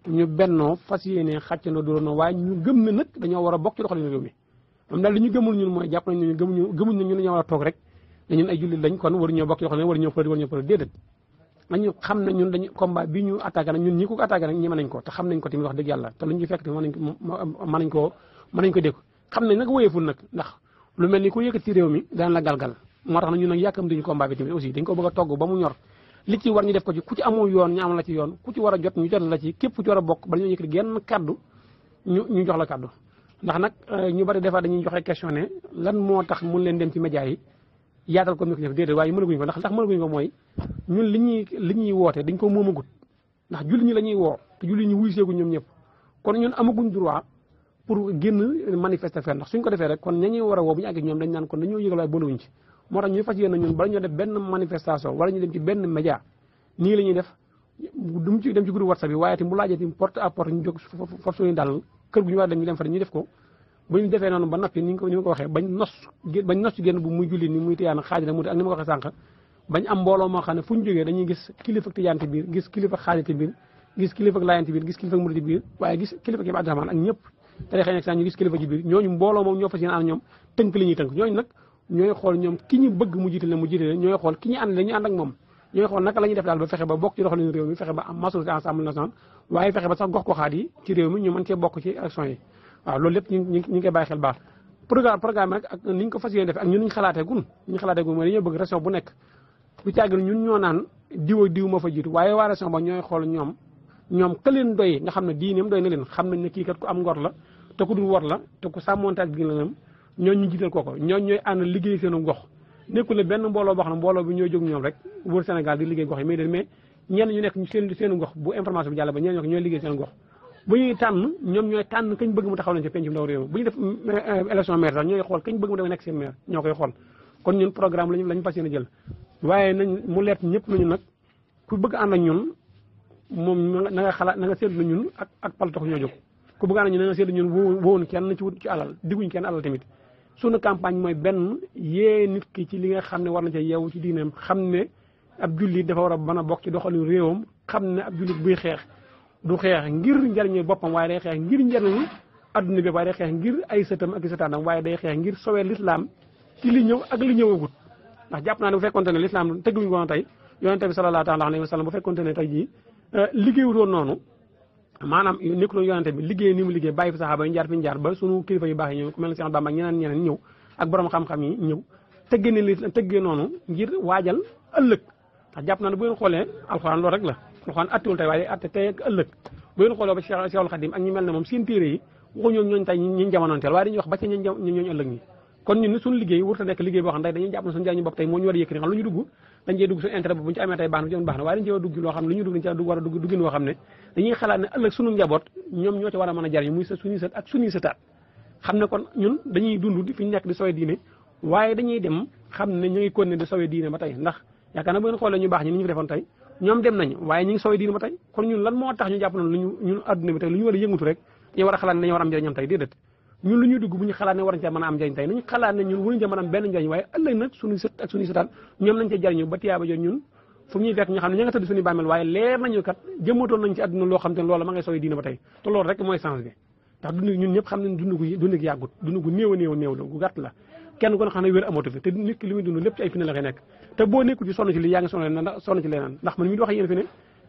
S2: ñu bennoo fas yéene xàccandoo dóorandoo waaye ñu gëm ne nag dañoo war a bokk ci doxalin réew mi moom daal li ñu gëmul ñun mooy jàpp ñu gëmuñu gëmuñ ne ñun dañoo war a toog rek ne ñun ay jullit lañ kon waruñoo bokk ci nañu xam ñu ko attaqué nag ñi mën nañ ko te xam nañ ko tamit wax dëgg yàlla te luñ ñu fekk tamit mën ko mën ko mën xam nañ nag wóyeeful nag ndax lu mel ni ku yëkkati ci réew mi daan la galgal moo tax na ñun nag yàkkam duñu combat bi tamit aussi dañ ko bëgg togg ba mu ñor li ci war ñu def ko ci ku ci amul yoon ñu am la ci yoon ku ci war a jot ñu jot la ci képp ku ci war a bokk bala ñu yëkkati genn kaddu ñu jox la kàddu ndax nag euh, ñu bari defa dañuy joxe question ne lan moo tax mun leen dem ci média yi yaatal ko mi ko def déedéet waaye mënaguñ ko ndax ndax mënaguñ ko mooy ñun li ñuy li ñuy woote dañ ko moomagut ndax julli ñi la ñuy woo te julli ñi wuy seegu ñoom ñëpp kon ñun amaguñ droit pour génn manifester fenn ndax suñ ko defee rek kon ña ñuy war a woo bu ñu àggee ñoom dañ naan kon dañoo yëgal waaye boolewuñ ci moo tax ñu fas yéene ñun bala ñoo def benn manifestation wala ñu dem ci benn média nii la ñuy def du mu ci dem ci groupe whatsapp yi waaye itam bu laajee itam porte à porte ñu jóg force suñu ko ñu defee noonu ba noppi ni ko ni ko waxee bañ nos bañ nos génn bu muy julli ni muy tiyaan xaaj na mu ak ni ma ko waxee sànq bañ am mbooloo moo xam ne fu ñu jógee dañuy gis kilifa tiyaante biir gis kilifa xaajate biir gis kilifa laayante biir gis kilifa murit biir waaye gis kilifa képp Abdurahmaan ak ñëpp tarixee ñu gis kilifa ci mbooloo moom ñoo fas yéene ànd ñoom tënk li tënk ñooñu nag ñooy xool ñoom ki ñu bëgg mu jiite leen mu jiite leen ñooy xool ki ñu ànd leen ñu ànd ak moom ñooy xool naka la ñuy def daal ba fexe ba bokk ci doxalin réew mi fexe ba am majorité assemblée nationale waaye fexe ba sax gox goxaat yi ci réew mi ñu mën cee bokk ci élection yi waaw loolu lépp ñu ñu ngi koy ni ko fas yéene def ak ñun ñu xalaatee gun ñu xalaatee gun mooy dañoo bëgg région bu nekk lu caagin ñun ñoo naan diw ak diw moo fa jiitu waaye waa région ba ñooy xool ñoom ñoom leen doy xam ne diineem doy na leen xam nañ ne kii kat ku la te ku dul wor la te ku sàmmonte ak diineem ñooñ ñu jiital kooko ñooñ ñooy ànd liggéey seenu gox nekkul ne benn mbooloo boo xam ne mbooloo bi ñoo jóg ñoom rek wër Sénégal di liggéey gox yi mais dén mais ñenn ñu nekk seen seenu gox bu information bi jàll ba ñenn ñoo ñooy liggéey seen gox bu ñuy tànn ñoom ñooy tànn kañ bëgg mu taxaw lañ ci penc ndaw réew mi bu ñu def euh, élection maire sax ñooy xool kañ bëgg mu def nekk seen maire ñoo koy xool kon ñun programme lañu lañu fas yéene jël waaye nañ mu leet ñëpp nañu nag ku bëgg ànd ak ñun moom na nga xalaat na nga seetlu ñun ak ak pal tax ñoo jóg ku bëgg ànd ak ñun na nga seetlu ñun wóowoon kenn ci wut ci alal diguñ kenn alal tamit sunu campagne mooy benn yée nit ki ci li nga xam ne war na ca yeewu ci diinam xam ne ab jullit dafa war a mën a bokk ci doxalin réewam xam ne ab jullit buy xeex du xeex ngir njariñu boppam waaye day xeex ngir njariñu adduna bi waaye day xeex ay sëtam ak i sëtaanam waaye day xeex ngir sowee lislaam ci li ñëw ak li ñëwagut ndax jàpp naa ne bu fekkonte ne lislaam tëgguñu ko woon tey yonente bi sallallahu taala alayhi wa sallam bu fekkonte ne tey jii euh, liggéeyutoon noonu maanaam nekkuloon yonante bi liggéey ni mu liggéey bàyyi fi saxaaba yi ñu jaar fi ñu jaar ba sunu kilifa yu baax yi ñëw ku mel ne yi ñëw tëggee ne li noonu ngir waajal ëllëg ndax jàpp naa ne bu yi waxu ñooñ ñooñ tey ñuñ jamonoonteel waaye dañuy wax ba ñooñ ëllëg ñi kon ñun suñu liggéey wurta nekk liggéey boo xam ne dañuy jàpp ne suñu jaay ñu bopp tey moo ñu war a yëkkati xam lu ñu dugg dañ cee dugg suñu intérêt bu ñu ci amee tey baax na bu ci amee baax na waaye dañ cee war a dugg loo xam ne lu ñu dugg dañ cee war a dugg duggin woo xam ne dañuy xalaat a mën fi ñu nekk di sowe diine waaye dañuy dem xam ne ñu ngi continuer di sowe diine ba tey ndax yaakaar na bu ngeen xoolee ñu baax ñi ni ñu fi defoon tey ñoom dem nañ waaye ñu ngi sowe diine ba tey kon ñun lan moo tax ñu jàpp noonu lu ñu ñun adduna bi tey lu ñu war a yëngutu rek dañu war a xalaat ne dañu war am njëriñam tey déedéet ñun lu ñuy dugg bu ñu xalaat ne war nañ cee mën a am njëriñ tey nañu xalaat ne ñun waruñu cee mën am benn njëriñ waaye ëllëg nag suñuy sët ak suñuy sëtaan ñoom lañ cee jariñu ba tiyaaba joon ñun fu ñuy ñu xam ne ña nga tëdd suñu kenn ku ne xam ne wér amatu fi te nit ki li muy dund wax yéen fi ne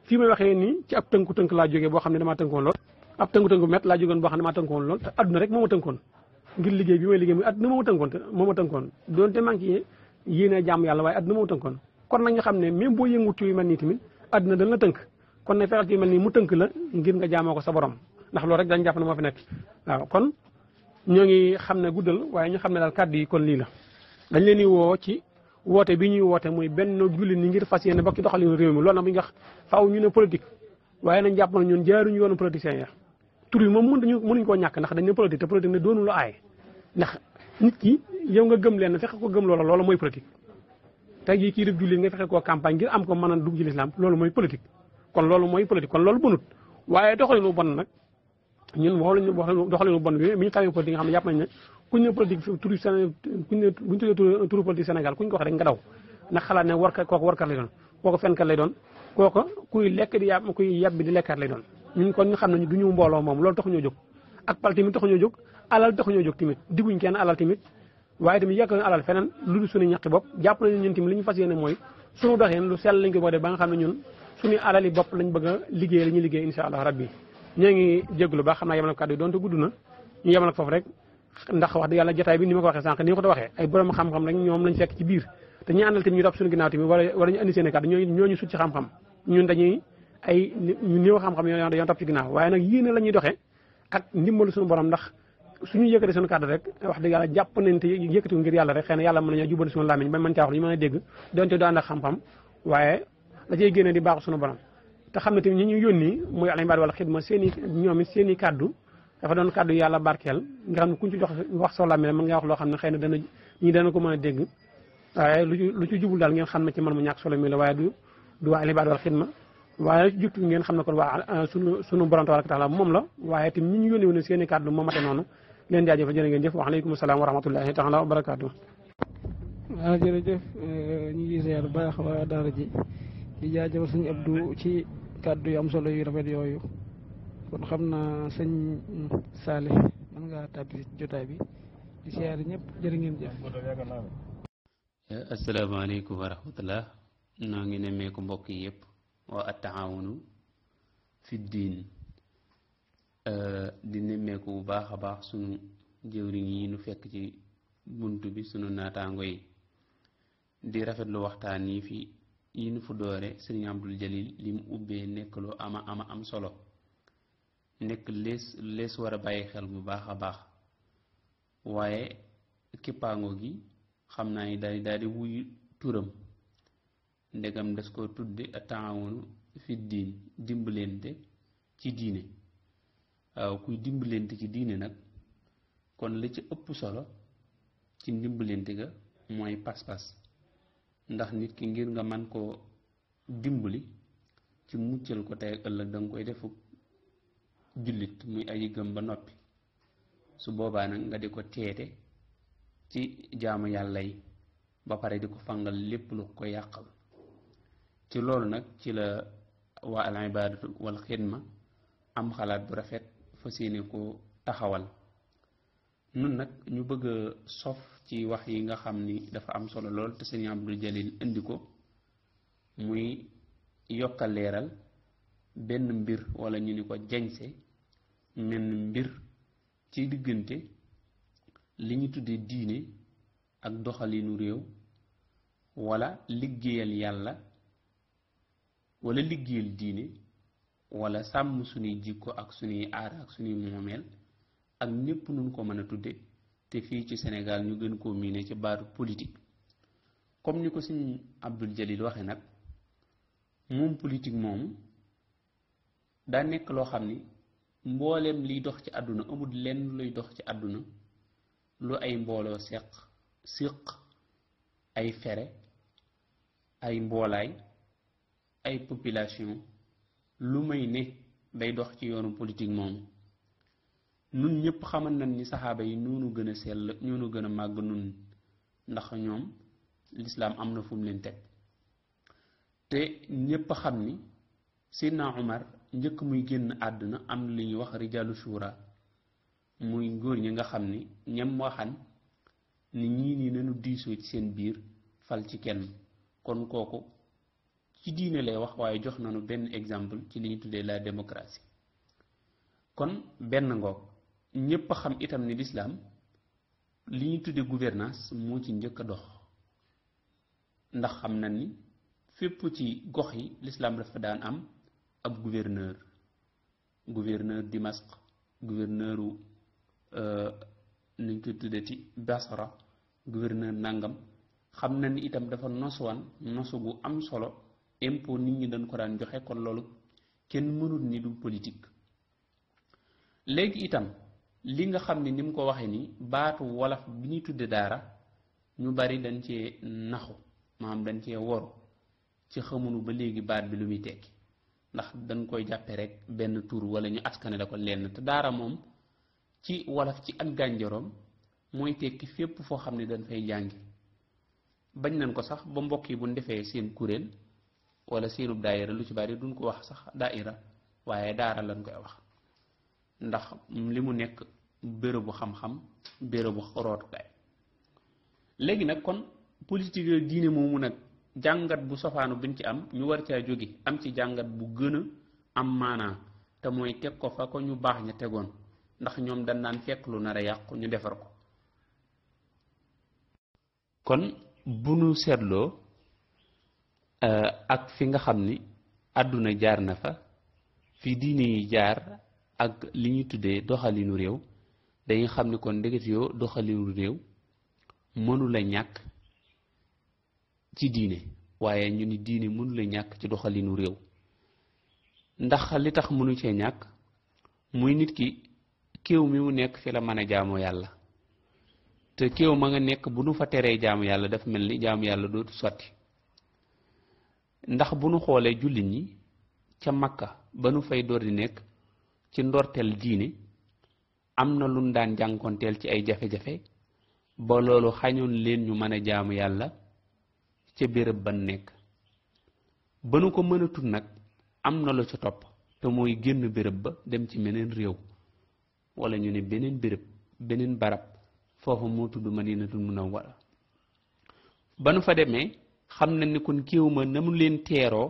S2: fii may waxee nii ci ab tënku tënk laa jógee boo xam ne damaa tënkoon lool ab tënku-tënku met laa jógoon boo xam ne maa tënkoon lool te adduna rek moo ma tënkoon ngir liggéey bi mooy liggéey muy adduna moo ma tënkoon doonte maa yéene jàmm yàlla waaye adduna moo ma tënkoon kon nag ñu xam ne même boo yëngu ci yu mel nii tamit adduna dañ la tënk kon ne fexeel ci yu mel nii mu tënk la ngir nga jaamoo ko sa borom ndax loolu rek dañ jàpp ne moo fi nekk waaw kon ñoo ngi xam ne guddal waaye ñu xam ne daal kàddu yi kon lii la dañ leen di woo ci woote bi ñuy woote muy benn julli ni ngir bokk ci doxalin mi loolu nag bu ñu wax faaw ñu ne politique waaye nañ jàpp yoonu politiciens ya tur bi moom mënuñu mënuñu koo ñàkk ndax dañ ne politique te politique ne doonu la aay ndax nit ki yow nga gëm leen na fexe ko gëm loola loola mooy politique. tey jii kii def julli nga fexe koo campagne ngir am ko mën a dugg ci lislaam loolu mooy politique kon loolu mooy politique kon loolu bonut waaye doxalinu bon nag ñun wax lañu wax doxalinu bi bi ñu xamee politique nga xam ne jàpp nañ ne kuñ ne politique turu Sénégal kuñ ne buñ tuddee turu politique Sénégal kuñ ko wax rek nga daw ndax xalaat ne warkat kooku warkat lay doon kooku fenkat lay doon kooku kuy lekk di yàb kuy yàb bi di lekkaat lay doon ñun kon ñu xam nañu du ñu mbooloo moom loolu taxuñoo jóg ak pal tamit taxuñoo jóg alal taxuñoo jóg tamit diguñ kenn alal tamit waaye tamit yàq alal feneen lu dul jàpp nañu ñun li ñu fas yéene mooy suñu doxeen lu sell lañ ko bëgg def xam a liggéey la ñuy liggéey xam foofu rek ndax bi ni ma ko waxee sànq ni ma ko ta waxee ay borom xam-xam rek ñoom lañ fekk ci biir te ñu àndal tamit ñu topp suñu ginnaaw tamit wala ñu andi seen kàddu ñooñu sut ci xam-xam ñun dañuy ay ñu néew xam-xam yoo yoon topp ci waaye nag yéene la ñuy doxee ak ndimbalu suñu borom ndax suñu yëkkati suñu kàddu rek wax dëgg yàlla jàpp nañ te yëkkati ngir yàlla rek xëy na yàlla mën nañoo jubal suñu a dégg donte du ànd ak xam-xam waaye la cay génne di baax suñu borom te xam ne tamit ñi ñu yónni muy alañ baat wala xidma seen i ñoom it seen i kàddu dafa doon kàddu yàlla barkeel nga xam ne kuñ ci jox wax soo la mën nga wax loo xam ne xay na dana ñi dana ko mën a dégg waaye lu ci jubul daal ngeen xam ne ci man mu ñàkk solo mi la waaye du du waa alañ baat wala xidma waaye juttu ngeen xam ne kon waa ah, sunu sunu borom tabaraka taala moom la waaye tamit ñi ñu yónnee woon seen i kàddu moo mate noonu leen jaajëfal jërë ngeen jëf waaleykum salaam wa rahmatullahi taala wa barakaatu.
S1: waaw jërëjëf eh, ñu ngi ziar baax waa daara ji di jaajëfal sëñ Abdou ci kàddu yu am solo yu rafet yooyu kon xam naa sëñ Salih mën ngaa tàbbi jotaay bi di ziar ñëpp jërë ngeen jëf.
S3: Eh, asalaamaaleykum wa rahmatullah noo ngi nemmeeku mbokk yi yëpp. wa attaawunu fi diin euh, di nemmeeku bu baax a baax sunu jëwriñ yi nu fekk ci bunt bi sunu naataango yi di rafetlu waxtaan yi fi yi nu fu doore sëriñ Abdul Jalil li mu ubbee nekk lu am ama am solo nekk lees lees war a bàyyi xel bu baax a baax waaye kippaango gi xam naa ni daal daal di wuy turam ndegam das ko tudde taawunu fi diin dimbalante ci diine waaw kuy dimbalante ci diine nag kon la ci ëpp solo ci dimbalante ga mooy pas-pas ndax nit ki ngir nga man koo dimbali ci muccal ko tey ak ëllëg danga koy defu jullit muy aji gëm ba noppi su boobaa nag nga di ko teete ci jaamu yàlla yi ba pare di ko fangal lépp lu ko yàqal ci loolu nag ci la waa al ibaadatu wal xidma am xalaat bu rafet fas yéene ko taxawal nun nag ñu bëgg a sof ci wax yi nga xam ni dafa am solo lool te sëñ Abdul Jalil indi ko muy yokkaleeral benn mbir walla ñu ni ko jañse menn mbir ci diggante li ñu tuddee diine ak doxalinu réew wala liggéeyal yàlla wala liggéeyal diine wala sàmm suñuy jikko ak suñuy aar ak suñuy moomeel ak ñépp nun ko mën a tudde te fii ci Sénégal ñu gën koo miine ci baatu politique comme ni ko sëñ Abdul Jalil waxe nag moom politique moomu daa nekk loo xam ni mbooleem liy dox ci àdduna amul lenn luy dox ci àdduna lu ay mbooloo seq siq ay fere ay mboolaay ay population lu may ne bay dox ci yoonu politique moomu nun ñëpp xamal nañ ni saxaaba yi ñoonu gën a sell ñoonu gën a màgg nun ndax ñoom lislaam am na fum leen teg te ñépp xam ni Seydina Umar njëkk muy génn àdduna am li ñuy wax rijalu shura muy góor ñi nga xam ni ñam waxan ni ñii nii nañu diisoo ci seen biir fal ci kenn kon kooku ci diine lay wax waaye jox nañu benn exemple ci li ñu tuddee la démocratie kon benn ngoog ñépp xam itam ni lislaam li ñu tuddee gouvernance moo ci njëkk a dox ndax xam na ni fépp ci gox yi lislaam dafa daan am ab gouverneur gouverneur Damas gouverneur u euh, nuñ koy tuddee ci Basra gouverneur nàngam xam na ni itam dafa noswaan nosu gu am solo impôt nit ñi dañ ko daan joxe kon loolu kenn mënul ni du politique léegi itam li nga xam ne ni mu ko waxee ni baatu wolof bi ñuy tuddee daara ñu bari dañ cee naxu maanaam dañ cee woru ci xamunu ba léegi baat bi lu muy tekki ndax dañ koy jàppe rek benn tur walla ñu askane la ko lenn te daara moom ci wolof ci ak gànjaroom mooy tekki fépp foo xam ne dañ fay jàngi bañ nañ ko sax ba mbokk yi buñ defee seen kuréel wala seenub daayira lu ci bari duñ ko wax sax daayira waaye daara lañ koy wax ndax li mu nekk bérébu xam-xam bérébu rootukaay léegi nag kon politique yooyu diine moomu nag jàngat bu sofaanu biñ ci am ñu war caa jóge am ci jàngat bu gën a am maanaa te mooy teg ko fa ko ñu baax ña tegoon ndax ñoom dañ naan fekk lu nar a yàqu ñu defar ko kon bu nu seetloo Euh, ak fi nga xam ni àdduna jaar na fa fi diine yi jaar ak li ñu tuddee doxalinu réew dañuy xam ni kon ndeket yoo doxalinu réew mënula ñàkk ci diine waaye ñu ni diine mënula ñàkk ci doxalinu réew ndax li tax mënu cee ñàkk muy nit ki kéew mi mu nekk fi la mën a jaamu yàlla te kéew ma nga nekk bu nu fa teree jaamu yàlla dafa mel ni jaamu yàlla dootu sotti ndax bu nu xoolee jullit ñi ca makka ba nu fay door di nekk ci ndorteel diine am na lu daan jànkonteel ci ay jafe-jafe ba loolu xañoon leen ñu mën a jaamu yàlla ca béréb ban nekk ba nu ko mënatul nag am na lu ca topp te mooy génn béréb ba dem ci meneen réew wala ñu ne beneen béréb beneen barab foofu moo tudd Madinatul Munawwara ba nu fa demee xam na ni kon kéew ma na mu leen teeroo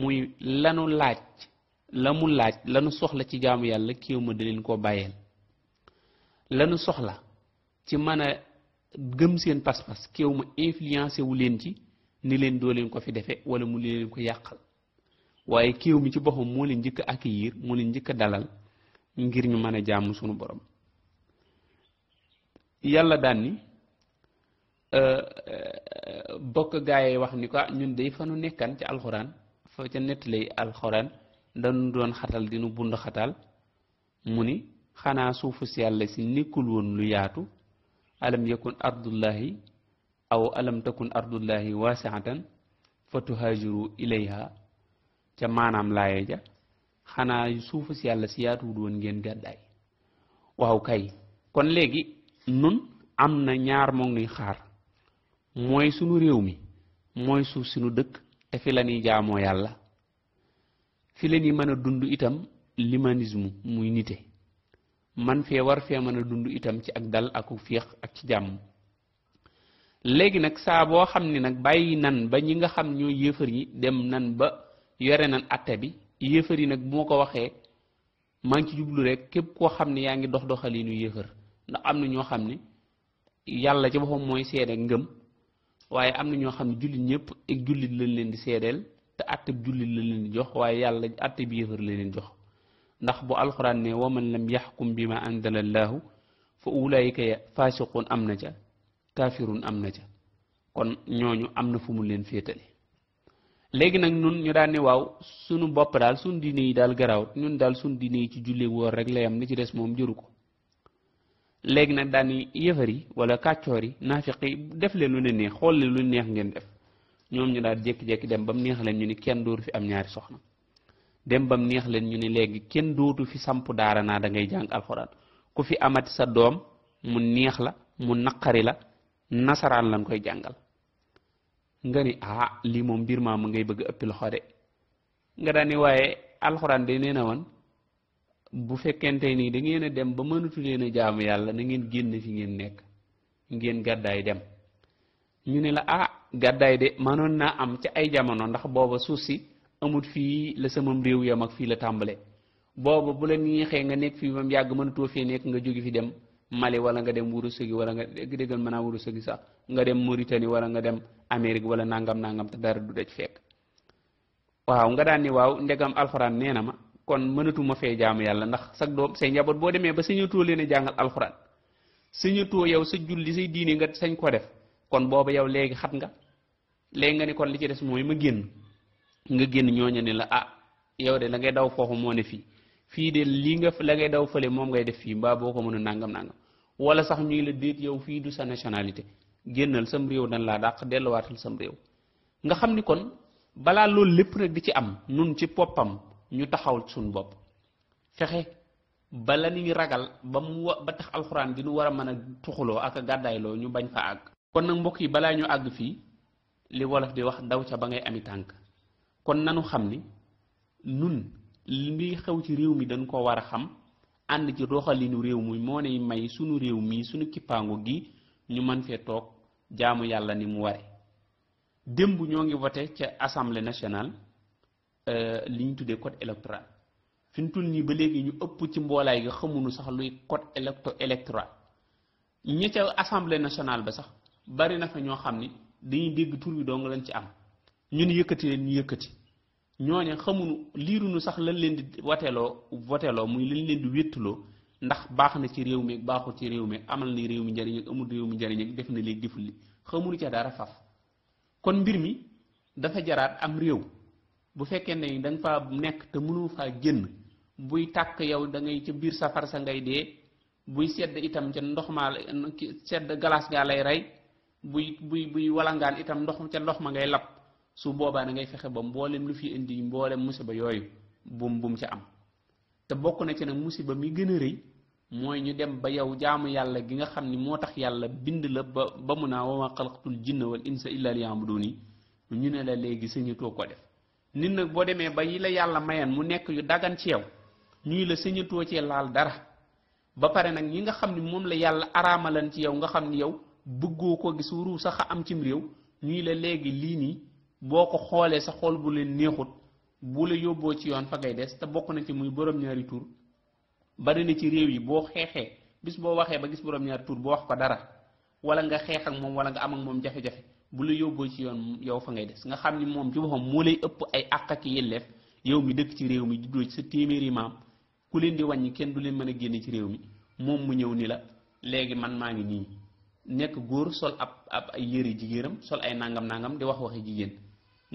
S3: muy lanu laaj la mu laaj lanu soxla ci jaamu yàlla kéew ma da leen koo bàyyeel lanu soxla ci mën a gëm seen pas-pas kéew ma influencé wu leen ci ni leen doo leen ko fi defe wala mu leen ko yàqal waaye kéew mi ci boppam moo leen njëkk ak accueillir moo leen njëkk dalal ngir ñu mën a jaamu sunu borom yàlla daan ni Euh, euh, bokk gaa yi wax ni ko ah, ñun day fanu nekkan ca alxuraan fa ca nettalay alxuraan dañu doon xatal dinu bund xatal mu ni xanaa suufu si yàlla si nekkul woon lu yaatu alam yakun ardullahi aw alam takun ardullahi waasiatan fa tuhaajiru ilayha ca maanaam laaye ja xanaa suufu si yàlla si yaatuwul woon ngeen gàddaay waaw kay kon léegi nun am na ñaar moo ngi xaar mooy sunu réew mi mooy suuf sunu dëkk te fi la ñuy jaamoo yàlla fi la ñuy mën a dund itam limanisme muy nite man fee war fee mën a dund itam ci ak dal aku féex ak ci jàmm léegi nag saa boo xam ne nag bàyyi nan ba ñi nga xam ñoo yéefar yi dem nan ba yore nan atte bi yéefar yi nag bu ko waxee maa ngi ci jublu rek képp koo xam ne yaa ngi dox doxaliinu yéefar ndax am na ñoo xam ne yàlla ci boppam mooy seede ngëm waaye am na ñoo xam ne jullit ñëpp ak jullit lañ leen di seedeel te àtteb jullit lañ leen di jox waaye yàlla àtte bi la leen jox ndax bu alxuraan ne waman lam yaxkum bi ma anzala llaahu fa ulaayika faasiqun am na ca kaafirun am na ca kon ñooñu am na fu mu leen féetale léegi nag ñun ñu daan ne waaw sunu bopp daal sunu diine yi daal garaawut ñun daal sunu diine yi ci julli woor rek la yam li ci des moom jëru ko léegi nag daan yëfar yi wala kàccoor yi naafiq yi def leen lu ne neex xool leen lu neex ngeen def ñoom ñu daal jékki-jékki dem ba mu neex leen ñu ni kenn dootu fi am ñaari soxna dem ba neex leen ñu ni léegi kenn dootu fi samp daara naa da ngay jàng alxuraan ku fi amati sa doom mu neex la mu naqari la nasaraan lañ koy jàngal nga ni ah lii moom mbir maa mu ngay bëgg ëpp loxo de nga daan ni waaye alxuraan de nee na woon bu fekkente nii da ngeen a dem ba mënatu leen a jaamu yàlla na ngeen génn fi ngeen nekk ngeen gàddaay dem ñu ne la ah gàddaay de manoon naa am ci ay jamono ndax booba suuf si amut fii la samam réew yam ak fii la tàmbale booba bu la neexee nga nekk fii ba mu yàgg mënatoo fee nekk nga jóge fi dem Mali wala nga dem Wurusogi wala nga déggal mën naa Wurusogi sax nga dem Mauritanie wala nga dem Amérique wala nangam nangam te dara du daj fekk waaw nga kon mënatuma fee jaamu yàlla ndax sag doom say njaboot boo demee ba sañatoo leen a jàngal alxuraan sañatoo yow sa julli say diine nga sañ ko def kon booba yow léegi xat nga léegi nga ni kon li ci des mooy ma génn nga génn ñooñu ne la ah yow de la ngay daw foofu moo ne fii fii de lii nga la ngay daw fële moom ngay def fii mbaa boo ko mën nàngam nangam nangam wala sax ñuy la déet yow fii du sa nationalité génnal sam réew dañ laa dàq delluwaatal sam réew nga xam ni kon balaa loolu lépp nag bi ci am nun ci poppam ñu taxawal suñu bopp fexe bala la ñuy ragal ba mu ba tax alxuraan di war a mën a tuxuloo ak gàddaayloo ñu bañ fa àgg. kon nag mbokk yi balaa ñu àgg fii li wolof di wax daw ca ba ngay ami tànk kon nanu xam ni nun li xew ci réew mi dañ ko war a xam ànd ci doxalinu réew mi moo ne may sunu réew mii sunu kippaangu gi ñu mën fee toog jaamu yàlla ni mu waree démb ñoo ngi voté ca assemblée nationale. Euh, li ñu tuddee code électoral fi mu toll nii ba léegi ñu ëpp ci mboolaay gi xamuñu sax luy code électo électoral ñi ca assemblée nationale ba sax bari na fa ñoo xam ni dañuy dégg tur bi dong lañ ci am ñun yëkkati leen ñu yëkkati ñoo ñooñu xamuñu liiruñu sax lañ leen di woteeloo woteeloo muy lañ leen di wéttuloo ndax baax na ci réew mi baaxul ci réew mi amal na réew mi njariñ ak amul réew mi njariñ ak def na léegi deful li xamuñu ca dara faf kon mbir mi dafa jaraat am réew bu fekkee ne da nga faa nekk te mënoo faa génn buy tàkk yow dangay ca biir safar sa ngay dee buy sedd itam ca ndox maa sedd galaas gaa rey buy buy buy walangaan itam ndox ca ndox ma ngay lab su boobaa da ngay fexe ba mboolem lu fi indi mboolem musiba yooyu bum bum ca am te bokk na ci nag musiba mi gën a rëy mooy ñu dem ba yow jaamu yàlla gi nga xam ni moo tax yàlla bind la ba ba mu naa wa ma xalaqtul jinna wal insa illa liya'buduni ñu ne la léegi sañatoo ko def nit nag boo demee ba yi la yàlla mayan mu nekk yu daggan ci yow ñuy la sañatoo cee laal dara ba pare nag ñi nga xam ni moom la yàlla araamalan ci yow nga xam ni yow bëggoo ko gis wuru sax a am cim réew ñuy la léegi lii nii boo ko xoolee sa xool bu leen neexut bu la yóbboo ci yoon fa ngay des te bokk na ci muy borom ñaari tur bari na ci réew yi boo xeexee bis boo waxee ba gis borom ñaari tur boo wax ko dara wala nga xeex ak moom wala nga am moom jafe bu la yóbboo ci yoon yow fa ngay des nga xam ni moom ci boppam moo lay ëpp ay àq ak yelleef yow mi dëkk ci réew mi juddoo ci sa téeméeri maam ku leen di wàññi kenn du leen mën a génne ci réew mi moom mu ñëw ni la léegi man maa ngi nii nekk góor sol ab ab ay yëre jigéenam sol ay nangam nangam di wax waxi jigéen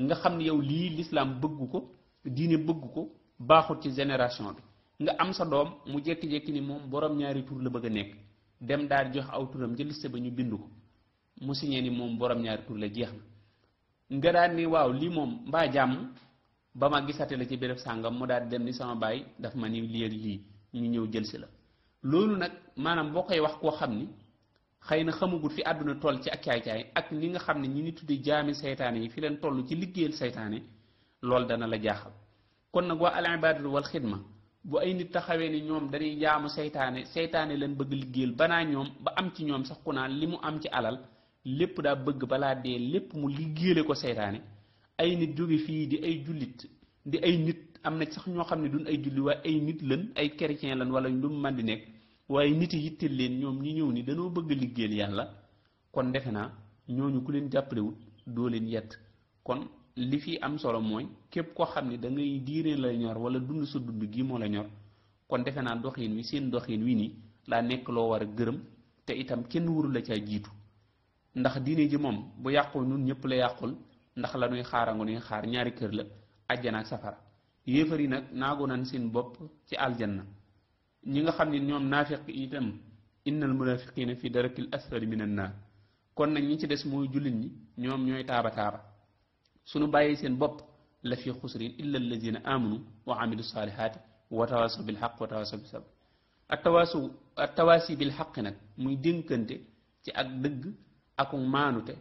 S3: nga xam ne yow lii lislaam bëgg ko diine bëgg ko baaxut ci génération bi nga am sa doom mu jékki-jékki ni moom borom ñaari tur la bëgg a nekk dem daal jox aw turam ca liste ba ñu bind ko mu signé ni moom borom ñaari tur la jeex na nga daan ni waaw lii moom mbaa jàmm ba ma gisate la ci béréb sàngam mu daal dem ni sama baay daf ma ni lii ak lii ñu ñëw jël si la loolu nag maanaam boo koy wax koo xam ni xëy na xamagul fi àdduna toll ci ak caay-caay ak li nga xam ne ñi ni tuddi jaami saytaane yi fi leen toll ci liggéeyal saytaane loolu dana la jaaxal kon nag waa al wal xidma bu ay nit taxawee ni ñoom dañuy jaamu saytaane saytaane leen bëgg liggéeyal banaa ñoom ba am ci ñoom sax ku naan li mu am ci alal lépp daa bëgg balaa dee lépp mu liggéeyale ko seytaane ay nit jóge fii di ay jullit di ay nit am na sax ñoo xam ne duñ ay jullit waaye ay nit lan ay chrétien lan wala ñu mu di nekk waaye nit yi yitteel leen ñoom ñi ñëw ni danoo bëgg a liggéeyal yàlla kon defe naa ñooñu ku leen jàppalewut doo leen yett kon li fi am solo mooy képp koo xam ne da ngay la ñor wala dund sa dund gii moo la ñor kon defe naa doxin wi seen doxin wi nii laa nekk loo war a gërëm te itam kenn wuru la caa jiitu ndax diine ji moom bu yàqul nun ñëpp la yàqul ndax la nuy xaarangu nuy xaar ñaari kër la àjjana safara yéefar yi nag naagu nan seen bopp ci aljanna ñi nga xam ne ñoom naafiq itam innal munafiqina fi darakil asfali minan naar kon nañ ñi ci des mooy jullit ñi ñoom ñooy taaba taaba suñu bàyyi seen bopp la fi xusrin illa allazina amanu wa amilu saalihaati wa tawaasaw bil xaq wa tawaasaw bi sabr tawaasi bil xaq nag muy dénkante ci ak dëgg ak um maanute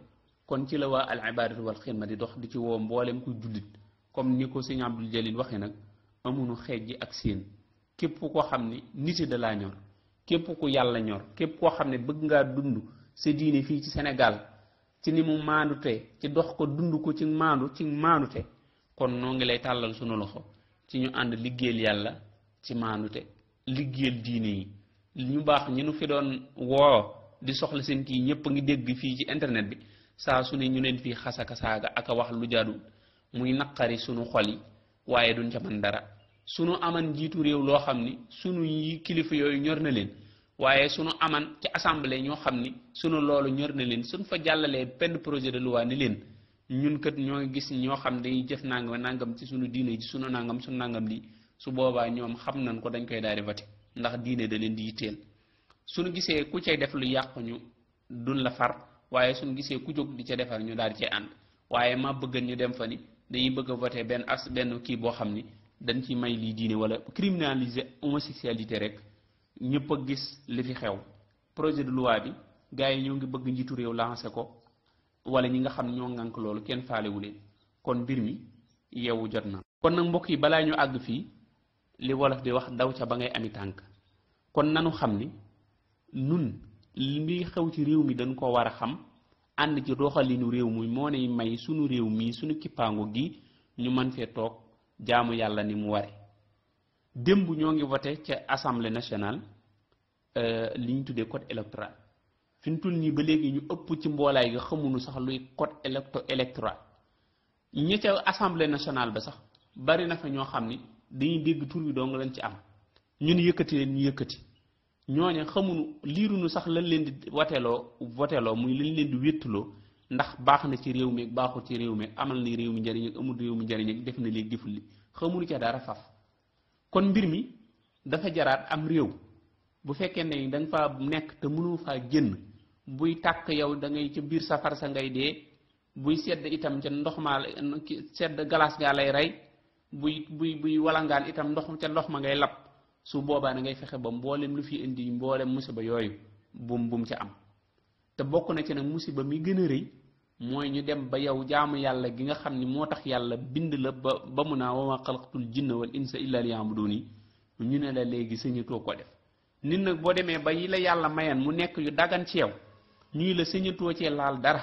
S3: kon ci la waa al ibaadatu wal ma di dox di ci woo mboolem ku jullit comme ni ko sëñ Abdul Jalil waxee nag amuñu xeej ak seen képp koo xam ne niti da laa ñor képp ku yàlla ñor képp koo xam ne bëgg nga dund sa diine fii ci Sénégal ci ni mu maandutee ci dox ko dund ko ci maanu ci maandute kon noo ngi lay tàllal sunu loxo ci ñu ànd liggéeyal yàlla ci maandute liggéeyal diine yi ñu baax ñi nu fi doon woo di soxla seen kii ñëpp a ngi dégg fii ci internet bi saa su ne ñu leen fii xasaka saaga ak a wax lu jaadul muy naqari sunu xol yi waaye duñ ca man dara sunu aman njiitu réew loo xam ni sunu yi kilifa yooyu ñor na leen waaye sunu aman ci assemblée ñoo xam ni sunu loolu ñor na leen suñ fa jàllalee benn projet de loi ni leen ñun kat ñoo gis ñoo xam day jëf nangam nangam ci sunu diine ci sunu nangam sunu nangam lii su boobaa ñoom xam nañ ko dañ koy daal di ndax diine da leen di teel suñu gisee ku cay def lu yàqu ñu dun la far waaye suñu gisee ku jóg di ca defar ñu daal di cay ànd waaye ma bëgg ñu dem fa ni dañuy bëgg a voté benn as benn kii boo xam ni dañ ci may lii diine wala criminaliser homosexualité rek ñëpp gis li fi xew projet de loi bi gars yi ñoo ngi bëgg njiitu réew lancé ko wala ñi nga xam ñoo ngànk loolu kenn faalewuleen kon mbir mi yeewu jot na. kon nag mbokk yi balaa ñu àgg fii li wolof di wax daw ca ba ngay ami tànk kon nanu xam ni. nun li xew ci réew mi dañ ko war a xam ànd ci doxalinu réew mi moo ne may sunu réew mii sunu kippaangu gi ñu mën fee toog jaamu yàlla ni mu ware démb ñoo ngi voté ca assemblée nationale euh, li ñu tuddee code électoral fi ñu tul nii ba léegi ñu ëpp ci mboolaay gi xamuñu sax luy code électo électoral ñi ca assemblée nationale ba sax bari na fa ñoo xam ni dañuy dégg tur bi doo nga leen ci am ñun yëkkati leen ñu yëkkati ñooñe liiru liiruñu sax lan leen di woteeloo woteeloo muy lañ leen di wéttuloo ndax baax na ci réew mi ak baaxul ci réew mi amal na réew mi njariñ ak amul réew mi njariñ ak def na léegi deful li xamuñu ca dara faf kon mbir mi dafa jaraat am réew bu fekkee ne da nga faa nekk te mënoo faa génn buy tàkk yow dangay ngay ca biir safar sa ngay dee buy sedd itam ca ndox maa sedd galaas gaa lay rey buy buy buy wallangaan itam ndox ca ndox ma ngay lab su boobaa na ngay fexe ba mboolem lu fi indi mboolem musiba yooyu bum bum ca am te bokk na ci nag musiba mi gën a rëy mooy ñu dem ba yow jaamu yàlla gi nga xam ni moo tax yàlla bind la ba ba mu naa wama xalaqtul jinna wal insa illa liya'buduni ñu ne la léegi sañatoo ko def nit nag boo demee ba yi la yàlla mayan mu nekk yu dagan ci yow ñuy la sañatoo cee laal dara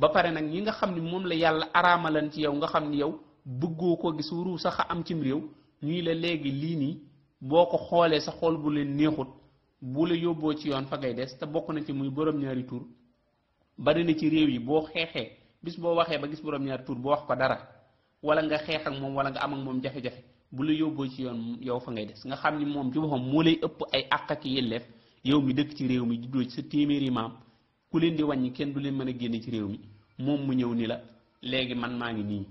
S3: ba pare nag ñi nga xam ni moom la yàlla araamalan ci yow nga xam ni yow bëggoo ko gis wuru sax a am cim réew ñuy la léegi lii nii boo ko xoolee sa xool bu leen neexut bu la yóbboo ci yoon fa ngay des te bokk na ci muy borom ñaari tur bari na ci réew yi boo xeexee bis boo waxee ba gis borom ñaari tur boo wax ko dara wala nga xeex ak moom wala nga am ak moom jafe-jafe bu la yóbboo ci yoon yow fa ngay des nga xam ni moom ci boppam moo lay ëpp ay àq ak yow mi dëkk ci réew mi juddoo ci sa téeméeri maam ku leen di wàññi kenn du leen mën a génne ci réew moom mu ñëw ni la léegi man maa ngi nii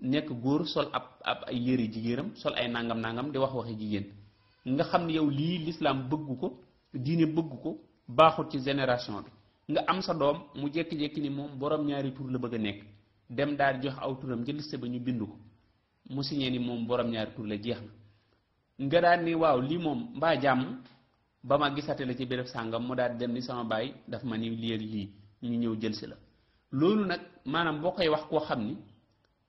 S3: nekk góor sol ab ab ay yëre jigéenam sol ay nangam nangam di wax waxi jigéen. nga xam ne yow lii lislaam bëgg ko diine bëgg ko baaxut ci génération bi nga am sa doom mu jékki-jékki ni moom boroom ñaari tour la bëgg a nekk dem daal jox aw turam jël liste ba ñu bind ko mu signé ni moom borom ñaari tur la jeex na nga daal ni waaw lii moom mbaa jàmm ba ma gisate la ci béréb sàngam mu daal dem ni sama baay daf ma niw lii ak lii ñu ñëw jël si la loolu nag maanaam boo koy wax koo xam ni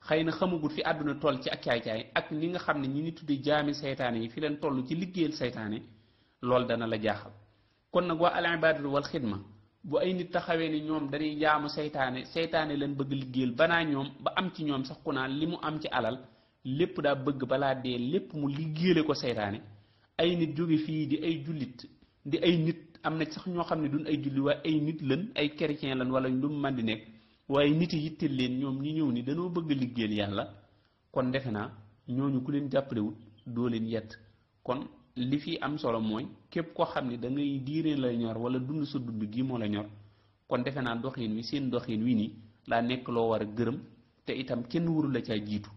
S3: xëy na xamagut fi àdduna toll ci ak caay-caay ak li nga xam ne ñu ñu tuddi jaami saytaane yi fi leen toll ci liggéeyal seytaane loolu dana la jaaxal kon nag waa al ibadatu wal xidma ay nit taxawee ni ñoom dañuy jaamu saytaane saytaane leen bëgg liggéeyal banaa ñoom ba am ci ñoom sax ku naan li mu am ci alal lépp daa bëgg balaa dee lépp mu liggéeyale ko saytaane ay nit jóge fii di ay jullit di ay nit am na sax ñoo xam ne duñ ay julli waaye ay nit lan ay chrétien lan wala lu mu di nekk waaye nit yi yitteel leen ñoom ñu ñëw ni danoo bëgg liggéeyal yàlla kon defe naa ñooñu ku leen jàppalewut doo leen yett kon li fi am solo mooy képp koo xam ne dangay ngay diine la ñor wala dund sa dund gi moo la ñor kon defe naa doxin wi seen doxin wi nii laa nekk loo war a gërëm te itam kenn waru la caa jiitu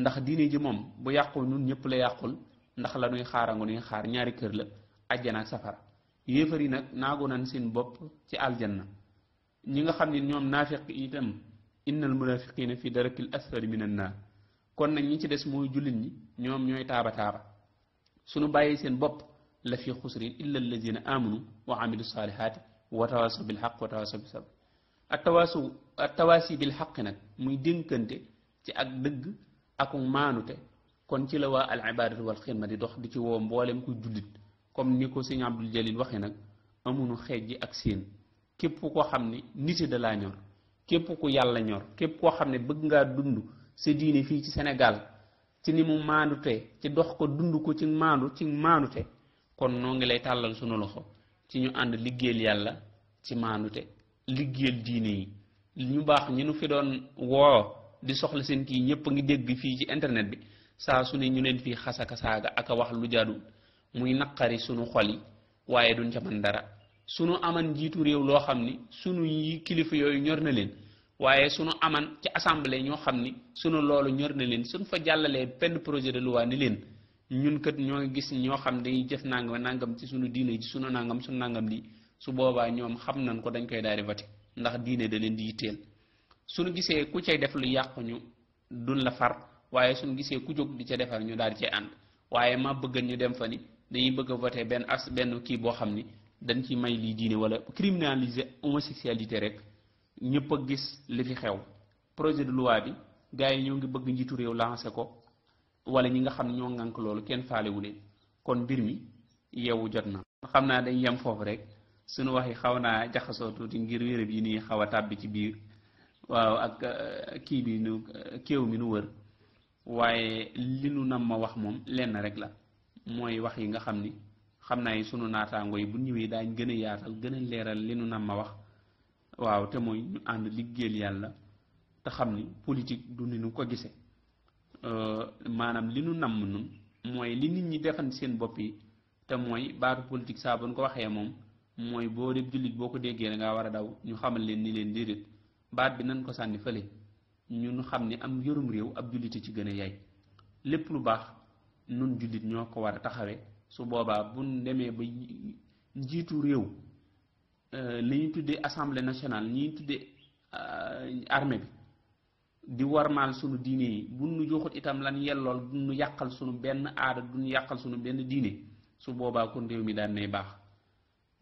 S3: ndax diine ji moom bu yàqul ñun ñëpp la yàqul ndax la nuy xaarango nuy xaar ñaari kër la àjjana ak safara yéefar nag naagu nan seen bopp ci aljan na ñi nga xam ni ñoom naafiq itam innal munafiqina fi darakil asfali minan naar kon nag ñi ci des mooy jullit ñi ñoom ñooy taaba taaba suñu bàyyi seen bopp la fi xusrin illa allazina amanu wa amilu saalihaati wa tawaasaw bil xaq ak tawaasaw nag muy dénkante ci ak dëgg ak maanute kon ci la waa al ibaadatu wal xidma di dox di ci woo mboolem ku jullit comme ni ko sëñ Abdul Jalil waxee nag amunu xeej ak seen képp koo xam ne niti da laa ñor képp ku yàlla ñor képp koo xam ne bëgg ngaa dund sa diine fii ci senegal ci ni mu maandutee ci dox ko dund ko ci maandu ci maandute kon noo ngi lay tàllal sunu loxo ci ñu ànd liggéeyal yàlla ci maanute liggéeyal diine yi ñu baax ñu nu fi doon woo di soxla seen kii ñëpp a ngi dégg fii ci internet bi saa su ne ñu leen fii xasaka saaga ak wax lu jaadul muy naqari sunu xol yi waaye duñ ca dara sunu aman njiitu réew loo xam ni sunu yi kilifa yooyu ñor na leen waaye sunu aman ci assemblée ñoo xam ni sunu loolu ñor na leen suñ fa jàllalee benn projet de loi ni leen ñun kat ñoo ngi gis ñoo xam dañuy jëf nangam nangam ci sunu diine ci nangam sunu nangam lii su boobaa ñoom xam nañ ko dañ koy daal di voté ndax diine da leen di yitteel suñu gisee ku cay def lu yàqu ñu duñ la far waaye suñu gisee ku jóg di ca defar ñu daal di cay ànd waaye ma bëgg ñu dem fa ni dañuy bëgg a voté benn as benn kii boo xam ni dañ ci may lii diine wala criminaliser homosexualité rek ñëpp a gis li fi xew projet de luwaa bi gars yi ñoo ngi bëgg njiitu réew lancé ko wala ñi nga xam ñoo ŋànk loolu kenn faalewu kon mbir mi yeewu jot na. xam naa dañ yem foofu rek suñu wax yi xaw naa jaxasoo tuuti ngir wéréb yi nii xaw a tàbbi ci biir waaw ak euh, kii bi nu euh, kéew mi nu wër waaye li nu nam ma wax moom lenn rek la mooy wax yi nga xam ni. xam naa suñu naataango yi bu ñëwee daañ gën a yaatal gën a leeral li nu nam a wax waaw te mooy ñu ànd liggéeyal yàlla te xam ni politique du ni nu ko gisee euh, maanaam li nu namm nun mooy li nit ñi defan seen bopp yi te mooy baatu politique saa bu ko waxee moom mooy boo dee jullit boo ko déggee da ngaa war a daw ñu xamal leen ni leen déedéet baat bi nan ko sànni fële ñun xam ni am yorum réew ab yi ci gën a yaay lépp lu baax nun jullit ñoo ko war taxawee su boobaa buñ demee ba njiitu réew euh, li ñu tuddee assemblée nationale ñi ñu tuddee euh, armée bi di warmaal sunu diine yi bu nu joxut itam lan yellool du nu yàqal sunu benn aada du nu yàqal sunu benn diine su boobaa kon réew mi daan nay baax